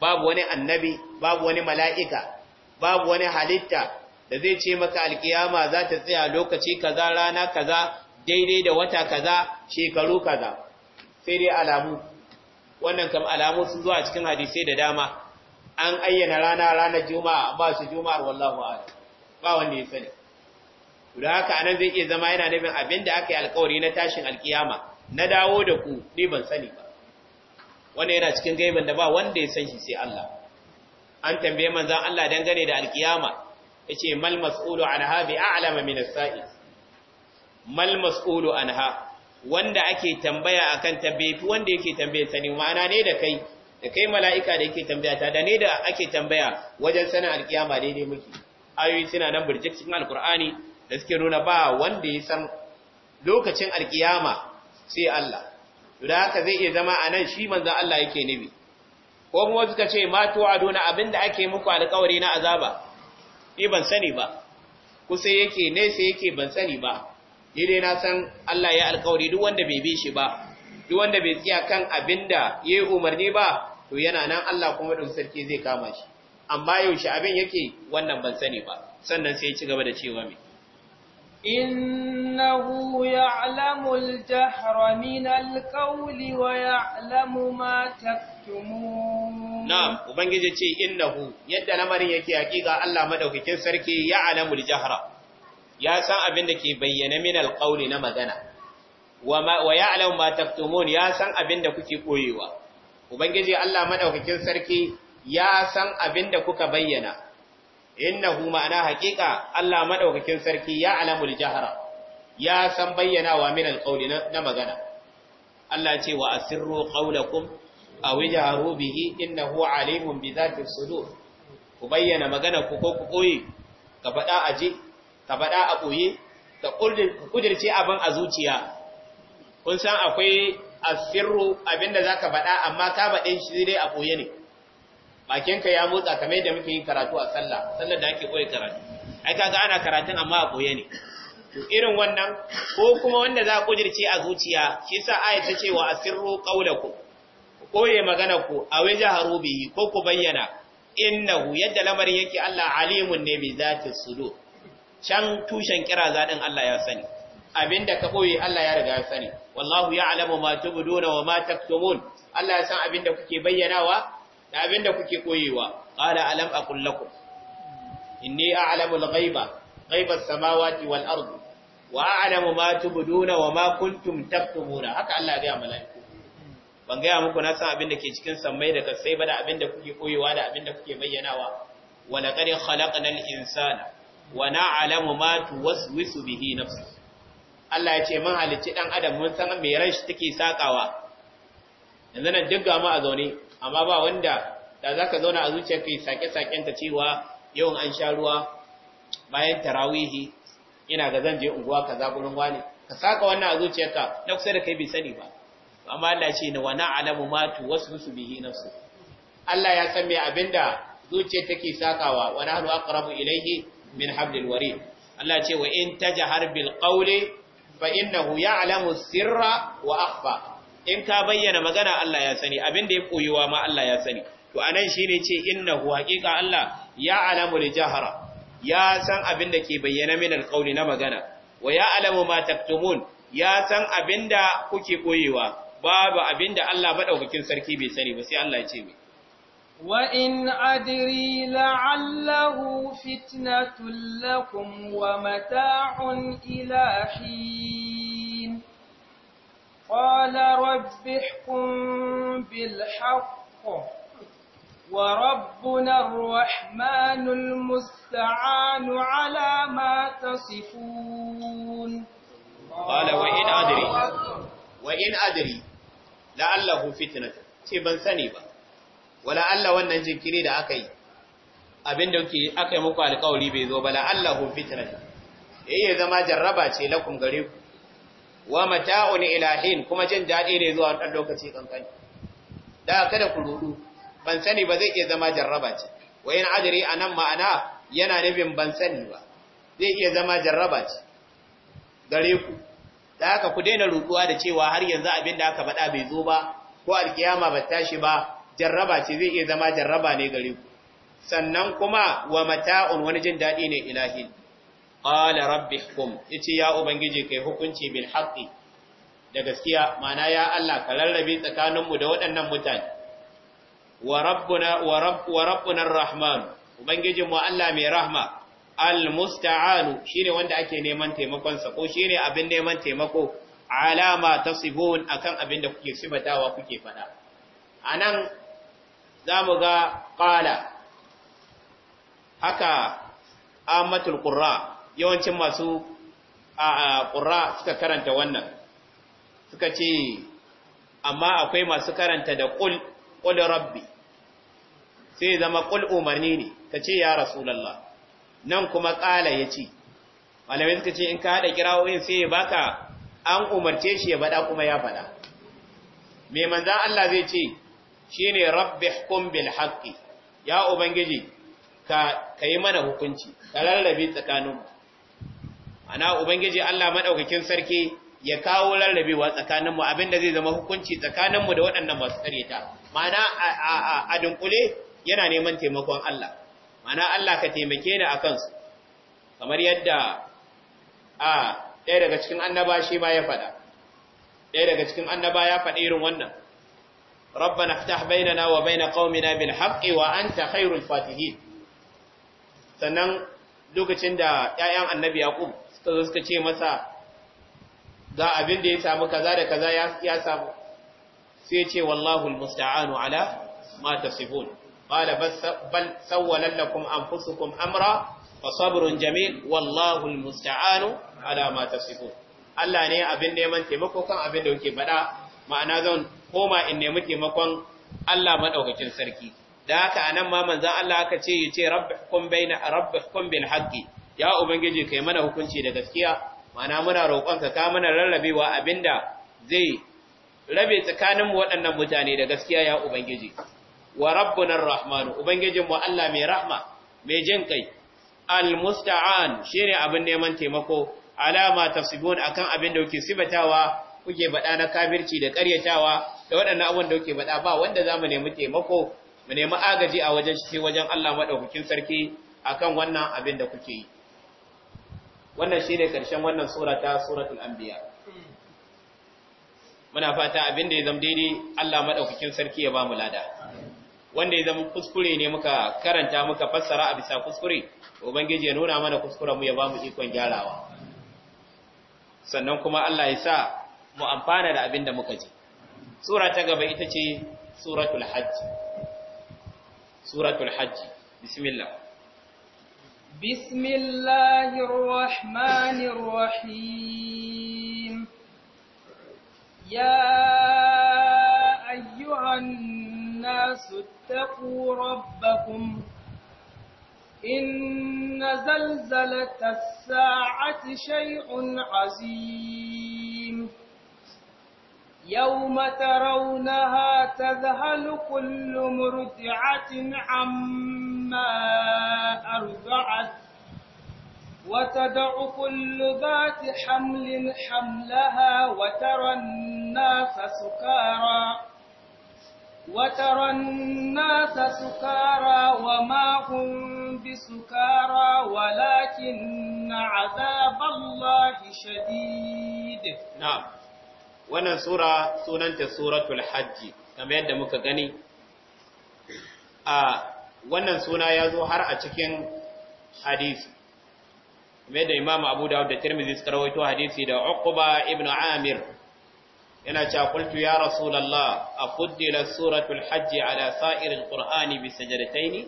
babu wani annabi babu wani mala'ika babu wani halitta da zai ce maka alkiyama za ta tsaya lokaci kaza rana kaza daidai da wata kaza shekaru kaza sai dai alamu wannan kam alamu sun zuwa cikin hadisai da dama an ayyana rana ranar juma'a ba su juma'ar wallahu a'lam ba wanda ya sani da haka anan zai iya zama yana nufin abin da aka yi alkawari na tashin alkiyama na dawo da ku ni ban sani ba wannan yana cikin gaiban da ba wanda ya san shi sai Allah an tambaye manzon Allah dangane da alkiyama yace mal mas'ulu anha bi a'lama min as-sa'i mal mas'ulu anha wanda ake tambaya akan ta fi wanda yake tambaye sani ma'ana ne da kai da kai mala'ika da yake tambaya ta da ne da ake tambaya wajen sanin alkiyama daidai muke ayoyi suna nan burjik cikin alkur'ani da suke nuna ba wanda ya san lokacin alkiyama sai Allah to da haka zai iya zama anan shi manzan Allah yake nabi ko kuma suka ce ma abin da ake muku alƙawari na azaba ni ban sani ba kusa yake sai yake ban sani ba ni dai na san Allah ya alƙawari duk wanda bai bi shi ba duk wanda bai tsaya kan abinda yayi umarni ba to yana nan Allah kuma dun sarki zai kama shi amma yaushe abin yake wannan ban sani ba sannan sai ya ci gaba da cewa me إنه يعلم الجهر من القول ويعلم ما تكتمون نعم Ubangije ce innahu yadda lamarin yake hakika Allah madaukakin sarki ya alamul jahra ya san abin da ke bayyana min alqauli na magana wa ya alamu ma taktumun ya san abin da kuke koyewa Ubangije Allah madaukakin sarki ya san abin da kuka bayyana innahu ma'ana haqiqa Allah madaukakin sarki ya alamul jahra ya san bayyanawa min alqawli na magana Allah ce wa asirru qawlakum aw jaharu bihi innahu alimun bi dhati sudur ku bayyana magana ku ko ku koyi ka fada aje ka fada a koyi ka kudirce abin a zuciya kun san akwai asirru abinda zaka fada amma ka faɗin shi dai a koyi ne ka ya motsa kamar yadda muke yin karatu a sallah sallar da ake koyi karatu ai kaga ana karatun amma a koye ne irin wannan ko kuma wanda za ku a zuciya shi yasa aya ta ce wa asirru qaulaku koye magana ku a waje harubi ko ku bayyana innahu yadda lamarin yake Allah alimun ne bi zati sudur can tushen kira zadin Allah ya sani abinda ka koyi Allah ya riga ya sani wallahu ya'lamu ma tubduna wa ma taktumun Allah ya san abinda kuke bayyanawa da abinda kuke koyewa qala alam aqul lakum inni a'lamu al-ghaiba ghaiba as-samawati wal ard wa a'lamu ma tubduna wa ma kuntum taktumuna haka Allah ya ga mala'iku ban ga muku na san abinda ke cikin sammai da kasai ba da abinda kuke koyewa da abinda kuke bayyanawa wa laqad al insana wa na'lamu ma tuwaswisu bihi nafsuhu Allah ya ce mun halicci dan adam mun san me ran shi take sakawa yanzu nan duk ga mu a zaune amma ba wanda da za ka zauna a zuciyarka yi sake ta cewa yawan an sha ruwa bayan tarawihi ina ga zan je unguwa ka zagurin wani ka saka wannan a zuciyarka na kusa da kai bai sani ba amma Allah ce na wana alamu matu wasu su bihi nafsu Allah ya san me abinda zuciyar take sakawa wa nahnu aqrabu ilaihi min hablil wari. Allah ce wa in tajhar bil qawli fa innahu ya'lamu sirra wa akhfa in ka bayyana magana Allah ya sani abin da ya koyuwa ma Allah ya sani to anan shine ce innahu haqiqa Allah ya alamu li jahara ya san abin da ke bayyana min alqauli na magana wa ya alamu ma taktumun ya san abin da kuke koyewa babu abin da Allah madaukakin sarki bai sani ba sai Allah ya ce mai in la'allahu fitnatun lakum wa mata'un إلى حين قال رب احكم بالحق وربنا الرحمن المستعان على ما تصفون قال وإن أدري وإن أدري لعله فتنة ce ban sani ba wala wannan jinkiri da aka yi abinda aka yi muku alƙawari bai zo ba la Allah hu zama jarraba ce lakum gare ku wa mata'un ilahin kuma jin daɗi ne zuwa dan lokaci kankani da kada ku rudu ban sani ba zai iya zama jarraba ce wa in ajri anan ma'ana yana nufin ban sani ba zai iya zama jarraba ce gare ku da haka ku daina rutsuwa da cewa har yanzu abin da aka faɗa bai zo ba ko alkiyama ba tashi ba jarraba ce zai iya zama jarraba ne gare ku sannan kuma wa mata'un wani jin daɗi ne ilahin qala rabbi hukum yace ya ubangiji kai hukunci bil haqqi da gaskiya mana ya Allah ka rarrabe tsakaninmu da waɗannan mutane wa rabbuna wa rabb wa rabbuna arrahman mu Allah mai rahma al musta'an shine wanda ake neman taimakon sa ko shine abin neman taimako alama tasifun akan abin da kuke sibatawa kuke fada anan zamu ga qala haka amatul qurra yawancin masu a ƙura suka karanta wannan suka ce amma akwai masu karanta da ƙul ƙul rabbi sai zama ƙul umarni ne ka ce ya rasulallah nan kuma ƙala ya ce malamai suka ce in ka haɗa kirawoyin sai ya baka an umarce shi ya faɗa kuma ya faɗa mai manzan Allah zai ce shi ne rabbi bil haƙƙi ya ubangiji ka yi mana hukunci ka lallabi tsakaninmu ana ubangiji Allah madaukakin sarki ya kawo rarrabewa tsakanin mu abinda zai zama hukunci tsakanin mu da waɗannan masu tsareta ma'ana a dunkule yana neman taimakon Allah ma'ana Allah ka taimake ni akan su kamar yadda a ɗaya daga cikin annaba shi ma ya faɗa ɗaya daga cikin annaba ya faɗa irin wannan ربنا افتح بيننا وبين قومنا بالحق وانت خير fatihin. sannan lokacin da ƴaƴan annabi yaqub suka suka ce masa ga abin da ya samu kaza da kaza ya samu sai ce wallahu almusta'anu ala ma tasifun qala bal sawwalan lakum anfusukum amra fa sabrun jamil wallahu almusta'anu ala ma tasifun Allah ne abin neman taimako kan abin da kuke faɗa ma'ana zan koma in nemi taimakon Allah madaukakin sarki da haka anan ma manzon Allah aka ce yace rabbukum baina rabbukum bil haqqi ya ubangiji kai mana hukunci da gaskiya mana muna roƙonka ka mana rarrabewa abinda zai rabe tsakanin waɗannan mutane da gaskiya ya ubangiji wa rabbuna arrahman ubangijin mu Allah mai rahma mai jin kai almusta'an shine abin neman taimako alama tafsibun akan abin da kuke sibatawa kuke baɗa na kafirci da ƙaryatawa da waɗannan abin da kuke bada ba wanda za mu nemi taimako mu nemi agaji a wajen shi wajen Allah madaukakin sarki akan wannan abin da kuke yi wannan shi ne karshen wannan surata, ta suratul anbiya muna fata abin da ya zama daidai Allah maɗaukakin sarki ya ba mu lada wanda ya zama kuskure ne muka karanta muka fassara a bisa kuskure ubangiji ya nuna mana kuskuren mu ya ba mu ikon gyarawa sannan kuma Allah ya sa mu amfana da abin da muka ji sura ta gaba ita ce suratul hajj suratul hajj bismillah بسم الله الرحمن الرحيم يا أيها الناس اتقوا ربكم إن زلزلة الساعة شيء عظيم يوم ترونها تذهل كل مرتعة عما مما أرضعت وتدع كل ذات حمل حملها وترى الناس سكارى وترى الناس سكارى وما هم بسكارى ولكن عذاب الله شديد نعم wannan sura sunanta suratul hajji kamar yadda muka gani a wannan suna ya zo har a cikin hadisi mai da imam abu da tirmizi suka rawaito hadisi da uqba ibn amir yana cewa qultu ya rasulullah afuddila suratul hajj ala sa'iril qur'ani bi sajdataini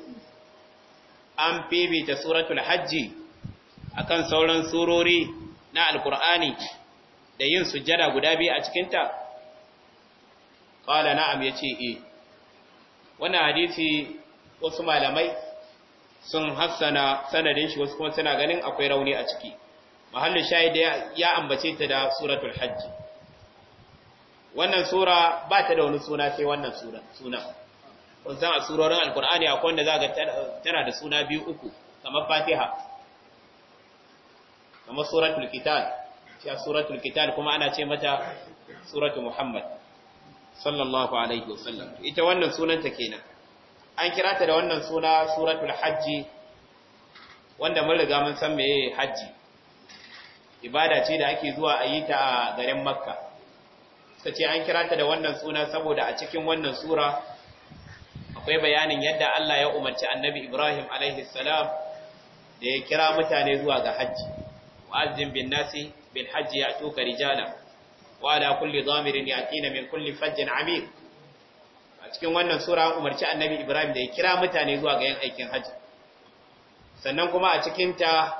an fifita suratul hajji akan sauran surori na alqur'ani da yin sujjada guda biyu a cikinta qala na'am yace eh wannan hadisi wasu malamai sun hassana sanadin shi wasu kuma suna ganin akwai rauni a ciki mahallin shahid ya ambace ta da suratul hajj wannan sura ba ta da wani suna sai wannan sura suna kun san a surorin alqur'ani akwai wanda zaka tana da suna biyu uku kamar fatiha kamar suratul kitab shi suratul kitab kuma ana ce mata suratul muhammad sallallahu alaihi wasallam ita wannan sunanta kenan an kira ta da wannan suna suratul hajji wanda mun riga mun san meye hajji ibada ce da ake zuwa a yi ta a garin makka ce an kira ta da wannan suna saboda a cikin wannan sura akwai bayanin yadda Allah ya umarci annabi Ibrahim alaihi salam da ya kira mutane zuwa ga hajji Wa'azin bin nasi bil hajji ya tuka rijala wa ala kulli dhamirin yatina min kulli fajjin amir a cikin wannan sura an umarci annabi Ibrahim da ya kira mutane zuwa ga yin aikin haji sannan kuma a cikin ta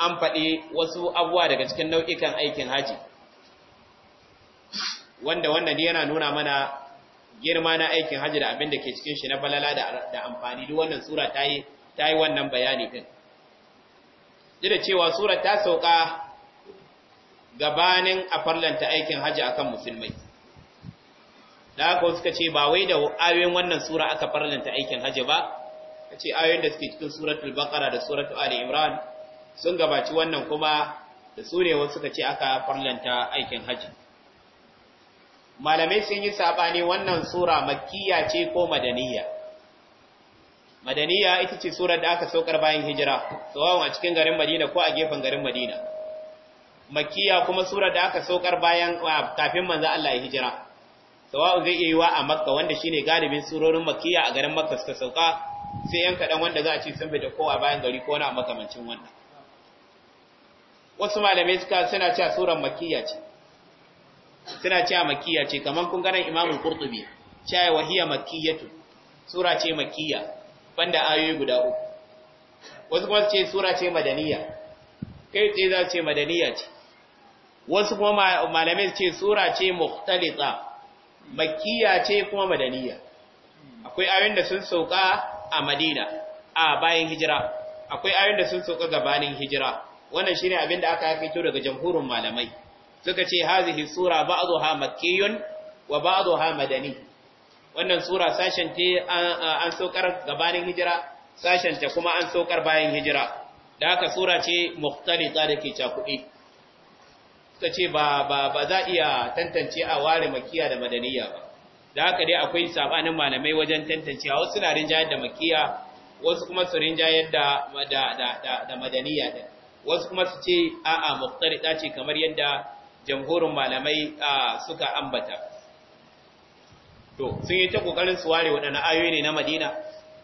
an faɗi wasu abuwa daga cikin nau'ikan aikin haji wanda wannan yana nuna mana girma na aikin haji da abin da ke cikin shi na falala da amfani duk wannan sura ta yi ta yi wannan bayani din duk da cewa sura ta sauka gabanin a farlanta aikin haji akan musulmai da haka suka ce ba wai da ayoyin wannan sura aka farlanta aikin hajji ba ka ce ayoyin da suke cikin suratul baqara da suratul ali imran sun gabaci wannan kuma da su ne wasu suka ce aka farlanta aikin hajji malamai sun yi sabani wannan sura makkiya ce ko madaniya madaniya ita ce surar da aka saukar bayan hijira tsawon a cikin garin madina ko a gefen garin madina makkiya kuma surar da aka saukar bayan kafin manzo Allah ya hijira sawa'u zai iya yiwa a makka wanda shine galibin surorin makkiya a garin makka suka sauka sai yan kaɗan wanda za a ce sun fita kowa bayan gari ko na makamancin wannan wasu malamai suka suna cewa suran makkiya ce suna cewa makkiya ce kamar kun ganin imamu qurtubi cewa wahiya makkiyatu sura ce makkiya banda ayoyi guda uku wasu kuma ce sura ce madaniya kai tsaye za ce madaniya ce wasu kuma malamai ce sura ce mukhtalita makkiya ce kuma madaniya akwai ayoyin da sun sauka a madina a bayan hijira akwai ayoyin da sun sauka gabanin hijira wannan shine abin da aka kaito daga jamhurin malamai suka ce hazihi sura ba'dha makkiyun wa ba'dha madani wannan sura sashen ta an saukar gabanin hijira sashen ta kuma an saukar bayan hijira da haka sura ce mukhtalita da ke cakuɗe ta ce ba ba ba za iya tantance a ware makiya da madaniya ba da haka dai akwai sabanin malamai wajen tantancewa wasu suna jayar da makiya wasu kuma su rinjayar da da madaniya da wasu kuma su ce a'a muqtarida ce kamar yadda jamhurin malamai suka ambata to sun yi ta kokarin su ware waɗannan ayoyi ne na Madina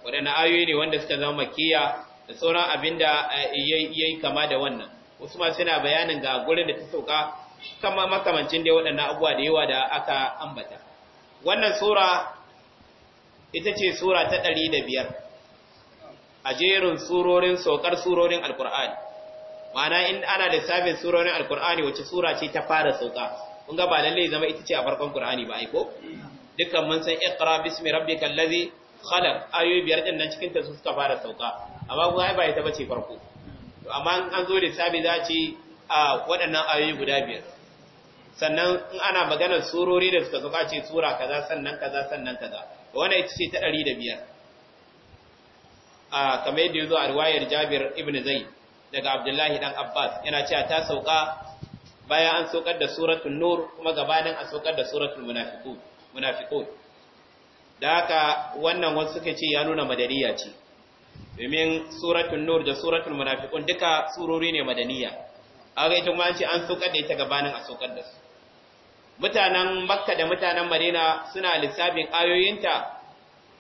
waɗannan ayoyi ne wanda suka zama makiya da sauran abinda yayi kama da wannan wasu ma suna bayanin ga gurin da ta sauka kama makamancin dai waɗannan abuwa da yawa da aka ambata wannan sura ita ce sura ta ɗari da biyar a jerin surorin saukar surorin alkur'ani ma'ana in ana lissafin surorin alkur'ani wacce sura ce ta fara sauka kun ga ba lallai zama ita ce a farkon qur'ani ba aiko dukkan mun san iqra bismi rabbikal Kallazi, khalaq ayoyi biyar din nan cikin ta suka fara sauka amma kuma ai ba ita bace farko to amma an zo da sabi za ce a waɗannan ayoyi guda biyar sannan in ana maganar surori da suka zuka ce sura kaza sannan kaza sannan kaza wannan ita ce ta ɗari da biyar a kamar yadda ya zo a riwayar jabir ibn zai daga abdullahi dan abbas yana cewa ta sauka bayan an saukar da suratul nur kuma gabanin a saukar da suratul munafiqun munafiqun da haka wannan wasu suka ce ya nuna madariya ce domin suratun nur da suratun munafiqun duka surori ne madaniya aga ita kuma an ce an sokar da ita gabanin a sokar da su mutanen makka da mutanen madina suna lissafin ayoyinta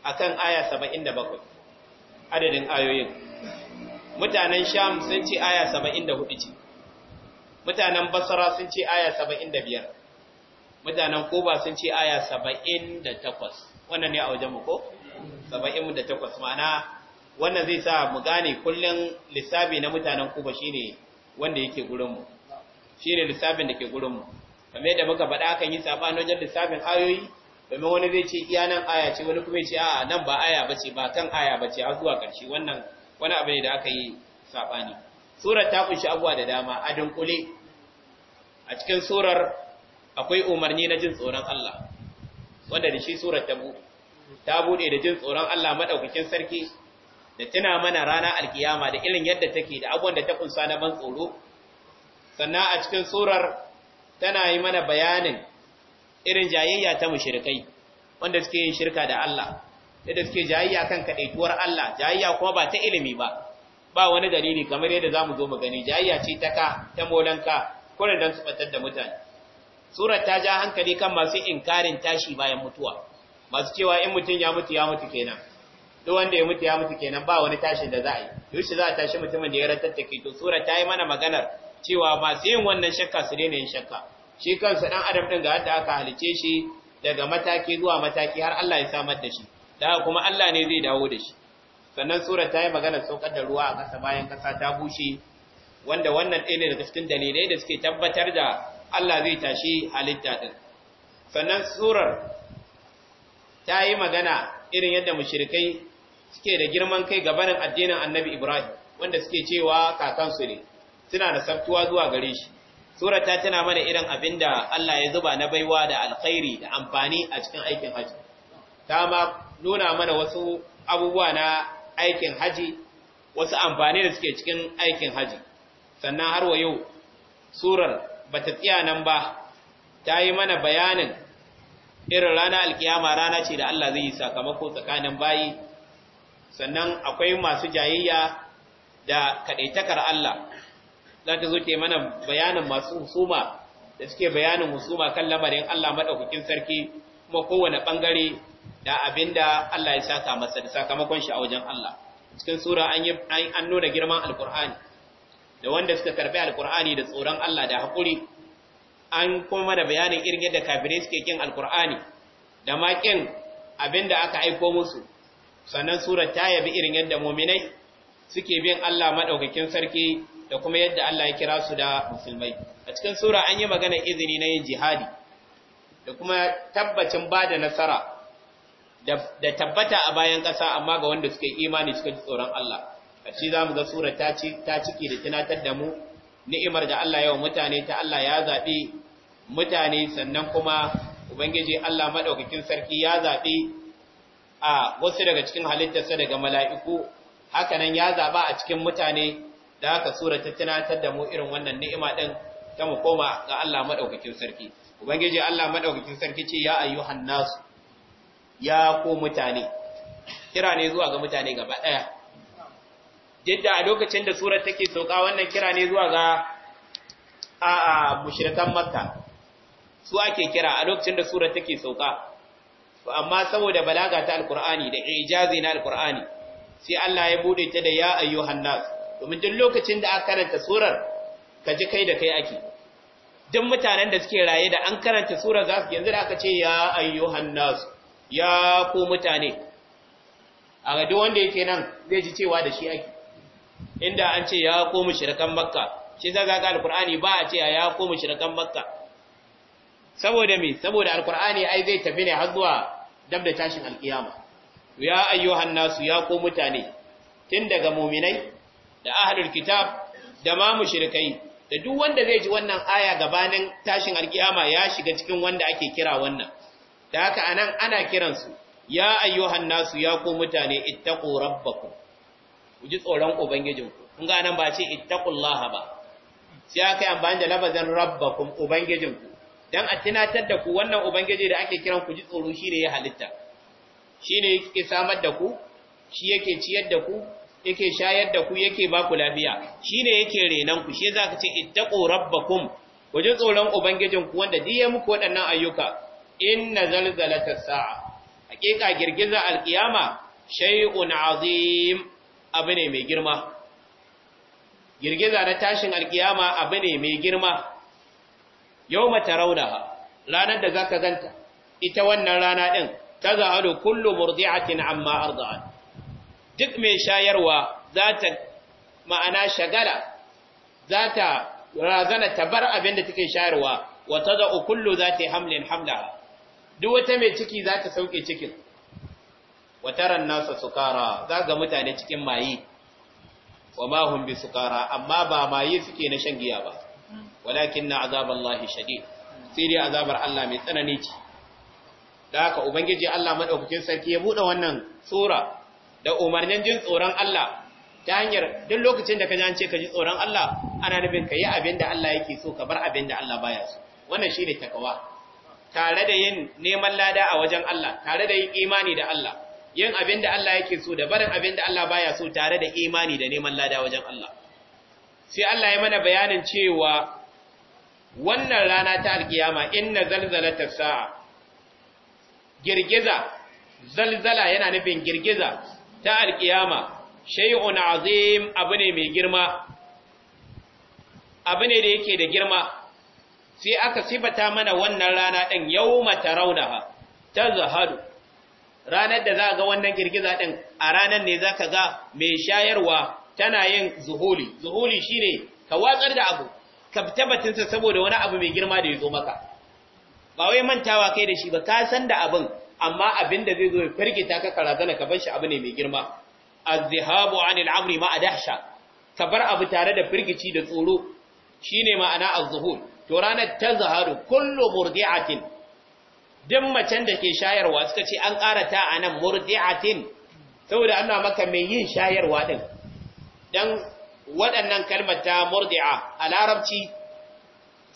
akan aya 77 adadin ayoyin mutanen sham sun ce aya 74 ce mutanen basra sun ce aya 75 mutanen kuba sun ce aya 78 wannan ne a wajen mu ko 78 ma'ana wannan zai sa mu gane kullun lissafi na mutanen Kuba shine wanda yake gurinmu. shine lissafin da ke gurinmu. Kame kamar yadda muka faɗa kan yi sabanin wajen lissafin ayoyi domin wani zai ce iya nan aya ce wani kuma ya ce a'a nan ba aya ce ba kan aya bace har zuwa ƙarshe wannan wani abu ne da aka yi sabani surar ta kunshi abuwa da dama a dunkule a cikin surar akwai umarni na jin tsoron Allah wanda da shi surar ta buɗe ta buɗe da jin tsoron Allah madaukakin sarki da tuna mana rana alkiyama da irin yadda take da abubuwan da ta kunsa na ban tsoro sannan a cikin surar tana yi mana bayanin irin jayayya ta mushrikai wanda suke yin shirka da Allah yadda suke jayayya kan kadaituwar Allah jayayya kuma ba ta ilimi ba ba wani dalili kamar yadda zamu zo mu gani jayayya ce ta ka ta molanka kurin dan su da mutane surar ta ja hankali kan masu inkarin tashi bayan mutuwa masu cewa in mutum ya mutu ya mutu kenan duk wanda ya mutu ya mutu kenan ba wani tashin da za a yi shi za a tashi mutumin da ya ratattake to sura ta yi mana maganar cewa masu yin wannan shakka su daina yin shakka shi kansa dan adam din ga hadda aka halice shi daga mataki zuwa mataki har Allah ya samar da shi da kuma Allah ne zai dawo da shi sannan sura ta yi maganar saukar da ruwa a ƙasa bayan ƙasa ta bushe wanda wannan ɗaya ne daga cikin dalilai da suke tabbatar da Allah zai tashi halitta din sannan surar ta yi magana irin yadda mushrikai suke da girman kai ga gabanin addinin annabi Ibrahim wanda suke cewa kakansu ne suna da sabtuwa zuwa gare shi ta tana mana irin abin da Allah ya zuba na baiwa da alkhairi da amfani a cikin aikin haji ta ma nuna mana wasu abubuwa na aikin haji wasu amfani da suke cikin aikin haji sannan har wa yau surar bata tsiya nan ba ta yi mana bayanin irin rana alkiyama rana ce da Allah zai yi sakamako tsakanin bayi sannan akwai masu jayayya da kadaitakar Allah za ta zo ta mana bayanin masu husuma da suke bayanin husuma kan lamarin Allah madaukakin sarki kuma kowane bangare da abinda Allah ya saka masa da sakamakon shi a wajen Allah cikin sura an yi an nuna girman alqur'ani da wanda suka karbi alqur'ani da tsoron Allah da hakuri an kuma da bayanin irin yadda kafirai suke kin alqur'ani da ma kin abinda aka aika musu sannan surar ta yabi irin yadda muminai suke bin Allah maɗaukakin sarki da kuma yadda Allah ya kira su da musulmai a cikin sura an yi magana izini na yin jihadi da kuma tabbacin ba da nasara da tabbata a bayan ƙasa amma ga wanda suke imani suka tsoron Allah a ci za mu ga sura ta ciki da tunatar da mu ni'imar da Allah yawan mutane ta Allah ya zaɓi mutane sannan kuma Ubangiji Allah maɗaukakin sarki ya zaɓi a wasu daga cikin halittarsa daga mala'iku hakanan ya zaba a cikin mutane da aka sura ta tunatar da mu irin wannan ni'ima din ta mu koma ga Allah madaukakin sarki ubangiji Allah madaukakin sarki ce ya ayyuhan nas ya ko mutane kira ne zuwa ga mutane gaba daya jidda a lokacin da sura take sauka wannan kira ne zuwa ga a mushrikan makka su ake kira a lokacin da sura take sauka amma saboda balaga ta alqur'ani da ijazi na alqur'ani sai Allah ya bude ta da ya ayyuhan nas domin duk lokacin da aka karanta surar ka ji kai da kai ake duk mutanen da suke raye da an karanta surar za su yanzu da aka ce ya ayyuhan nas ya ku mutane a ga duk wanda yake nan zai ji cewa da shi ake inda an ce ya ku mushrikan makka shi zaga ga alqur'ani ba a ce ya ku mushrikan makka saboda me saboda alqur'ani ai zai tafi ne har zuwa dab da tashin alkiyama ya ayyuhan nasu ya ko mutane tun daga muminai da ahlul kitab da ma mushrikai da duk wanda zai ji wannan aya gabanin tashin alkiyama ya shiga cikin wanda ake kira wannan da haka anan ana kiransu ya ayyuhan nasu ya ko mutane ittaqu rabbakum ku ji tsoron ubangijinku kun ga nan ba ce ittaqullaha ba sai aka yi amfani da labazin rabbakum ubangijinku dan a tunatar da ku wannan ubangiji da ake kiran ku ji tsoro shine ya halitta shine yake samar da ku shi yake ciyar da ku yake shayar da ku yake ba ku lafiya shine yake renan ku shi zaka ce ittaqu rabbakum ku ji tsoron ubangijin ku wanda duk ya muku waɗannan ayyuka inna ta sa'a hakika girgiza alƙiyama, shay'un azim abu ne mai girma girgiza na tashin alkiyama abu ne mai girma yawma raunaha, ranar da zaka ganta ita wannan rana din tazahalu kullu murdi'atin amma arda'at duk mai shayarwa za ta ma'ana shagala za ta razana ta bar abin da take shayarwa wa tada'u kullu zati hamlin hamla duk wata mai ciki za ta sauke cikin wa taran nasa sukara za ga mutane cikin mayi wa ma bi sukara amma ba mayi suke na shan giya ba walakin na azaballahi shadid sai dai azabar Allah mai tsanani ce da haka ubangiji Allah madaukakin sarki ya bude wannan sura da umarnin jin tsoron Allah ta hanyar duk lokacin da ka jance ka ji tsoron Allah ana nufin ka yi abin da Allah yake so ka bar abin da Allah baya so wannan shine takawa tare da yin neman lada a wajen Allah tare da yin imani da Allah yin abin da Allah yake so da barin abin da Allah baya so tare da imani da neman lada wajen Allah sai Allah ya mana bayanin cewa wannan rana ta alkiyama inna ta sa'a girgiza zalzala yana nufin girgiza ta alkiyama shay'un azim abu ne mai girma abu ne da yake da girma sai aka sifata mana wannan rana ɗin din yawma tarawnaha tazhadu ranar da za ga wannan girgiza ɗin a ranar ne za ka ga mai shayarwa tana yin zuhuli zuhuli shine ka watsar da abu tabbatinsa saboda wani abu mai girma da ya zo maka ba wai mantawa kai da shi ba ka san da abin amma abin da zai zo ya firgita ka karazana ka bar shi abu ne mai girma azhabu anil amri ma adahsha ka bar abu tare da firgici da tsoro shine ma'ana az-zuhur to ranar tazharu kullu murdi'atin duk macen da ke shayarwa suka ce an karata anan murdi'atin saboda Allah maka mai yin shayarwa din dan waɗannan kalmar ta murdi'a a larabci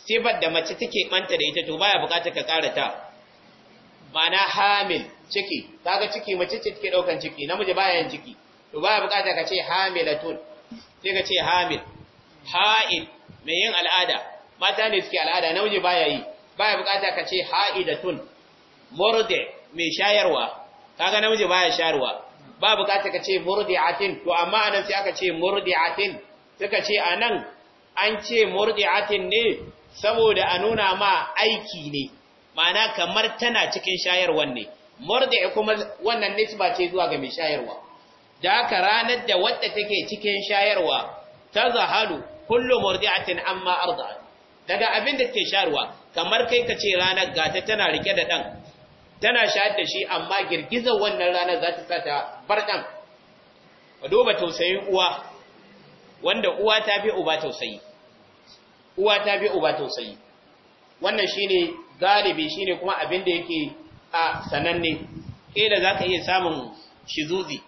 sifar da mace take manta da ita to baya bukatar ka ƙara ta ma'ana hamil ciki kaga ciki mace ce take daukan ciki namiji baya yin ciki to baya bukatar ka ce hamilatun sai ka ce hamil ha'id mai yin al'ada mata ne suke al'ada namiji baya yi baya bukatar ka ce ha'idatun murde mai shayarwa kaga namiji baya shayarwa ba bukata ka ce murdi'atin to amma anan sai aka ce murdi'atin suka ce anan an ce murdi'atin ne saboda a nuna ma aiki ne ma'ana kamar tana cikin shayarwan ne murdi'i kuma wannan nisba ce zuwa ga mai shayarwa da aka ranar da wadda take cikin shayarwa ta zahalu kullu murdi'atin amma arda daga abin da take shayarwa kamar kai ka ce ranar gata tana rike da dan tana shayar da shi amma girgizar wannan ranar za ta sata ta barkan ka duba tausayin uwa wanda uwa ta bi uba tausayi uwa ta bi uba tausayi wannan shine galibi shine kuma abin da yake a sananne kila ka iya samun shizuzi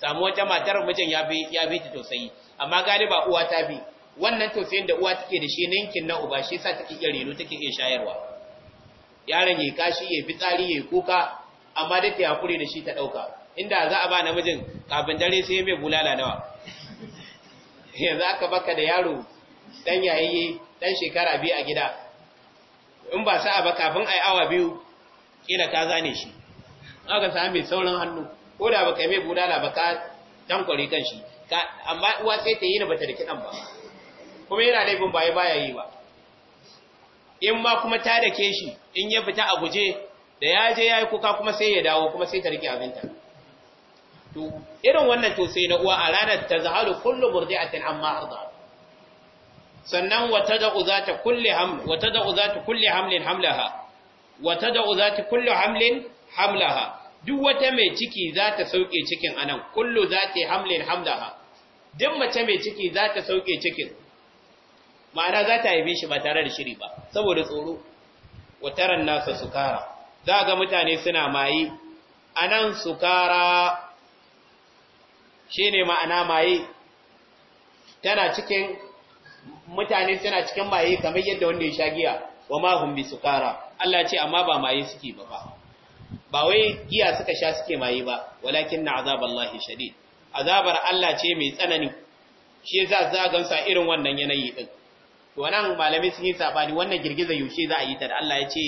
samu wata matar mijin ya bi ya bi ta tausayi amma galiba uwa ta bi wannan tausayin da uwa take da shi ninkin na uba shi sa take iya reno take iya shayarwa yaron ya kashi ya fitsari ya kuka amma duk hakuri da shi ta ɗauka. inda za a ba namijin kafin dare sai mai bulala nawa yanzu aka baka da yaro dan yayi dan shekara biyu a gida in ba sa'a ba kafin a yi awa biyu kila ka zane shi aka sa mai sauran hannu ko da baka mai bulala ba ka dan kan shi amma uwa sai ta yi na bata da kidan ba kuma yana laifin baya baya yi ba in ma kuma ta dake shi in ya fita a guje da ya je ya yi kuka kuma sai ya dawo kuma sai ta rike abinta to irin wannan to sai na uwa a ranar ta zahalu kullu murdi'atin amma arda sannan wata da za ta kulli wata da'u za kulli hamlin hamlaha wata da za ta hamlin hamlaha duk wata mai ciki za ta sauke cikin anan kullu za ta hamlin hamlaha duk mace mai ciki za ta sauke cikin ma'ana za ta haife shi ba tare da shiri ba saboda tsoro wataran nasa sukara za ga mutane suna maye anan sukara shine ma'ana maye tana cikin mutane suna cikin maye kamar yadda wanda ya sha giya wa ma bi sukara Allah ce amma ba maye suke ba ba ba wai giya suka sha suke maye ba walakin na azaballahi shadid azabar Allah ce mai tsanani shi za za gamsa irin wannan yanayi din wannan malamai sun yi sabani wannan girgiza yaushe za a yi ta da Allah ya ce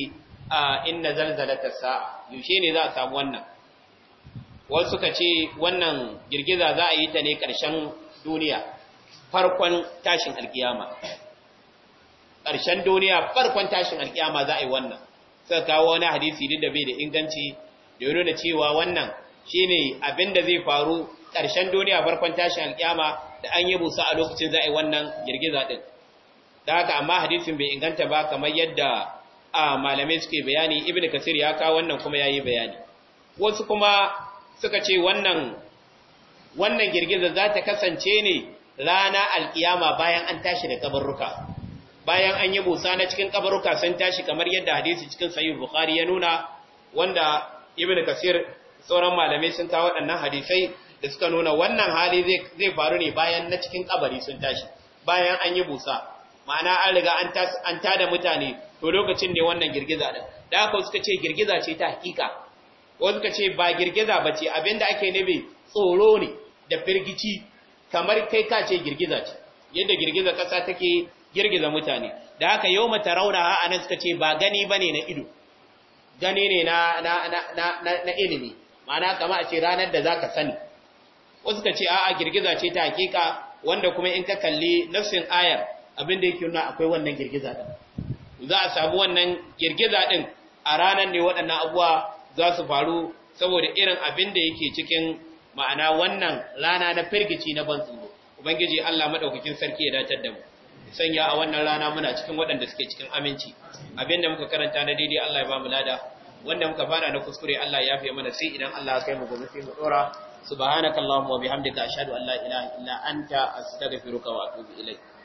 inna zalzalata sa'a yaushe ne za a samu wannan wasu suka ce wannan girgiza za a yi ta ne ƙarshen duniya farkon tashin alkiyama karshen duniya farkon tashin alkiyama za a yi wannan suka kawo wani hadisi din da bai da inganci da nuna cewa wannan shine abin da zai faru ƙarshen duniya farkon tashin alkiyama da an yi busa a lokacin za a yi wannan girgiza din da haka amma hadisin bai inganta ba kamar yadda a malamai suke bayani ibn kasir ya kawo wannan kuma yi bayani wasu kuma suka ce wannan wannan girgiza za ta kasance ne rana alkiyama bayan an tashi da kabarruka bayan an yi busa na cikin kabarruka sun tashi kamar yadda hadisi cikin sahih bukhari ya nuna wanda ibn kasir sauran malamai sun kawo waɗannan hadisai da suka nuna wannan hali zai faru ne bayan na cikin kabari sun tashi bayan an yi busa ma'ana an riga an tada mutane to lokacin ne wannan girgiza din da haka suka ce girgiza ce ta hakika ko suka ce ba girgiza ba ce abinda ake nabe tsoro ne da firgici kamar kai ka ce girgiza ce yadda girgiza kasa take girgiza mutane da haka yau mata rauna a nan suka ce ba gani ba ne na ido gani ne na, na, na, na, ilimi ma'ana kama a ce ranar da za ka sani ko suka ce a'a girgiza ce ta hakika wanda kuma in ka kalli nafsin ayar abinda da yake nuna akwai wannan girgiza din za a samu wannan girgiza din a ranar ne waɗannan abuwa za su faru saboda irin abinda yake cikin ma'ana wannan rana na firgici na ban tsoro ubangiji Allah madaukakin sarki ya datar da mu sanya a wannan rana muna cikin waɗanda suke cikin aminci abin da muka karanta na daidai Allah ya ba mu lada wanda muka fara na kuskure Allah ya yafe mana sai idan Allah ya kai mu gobe sai mu dora subhanakallahumma wa bihamdika ashhadu an la ilaha illa anta astaghfiruka wa atubu ilaik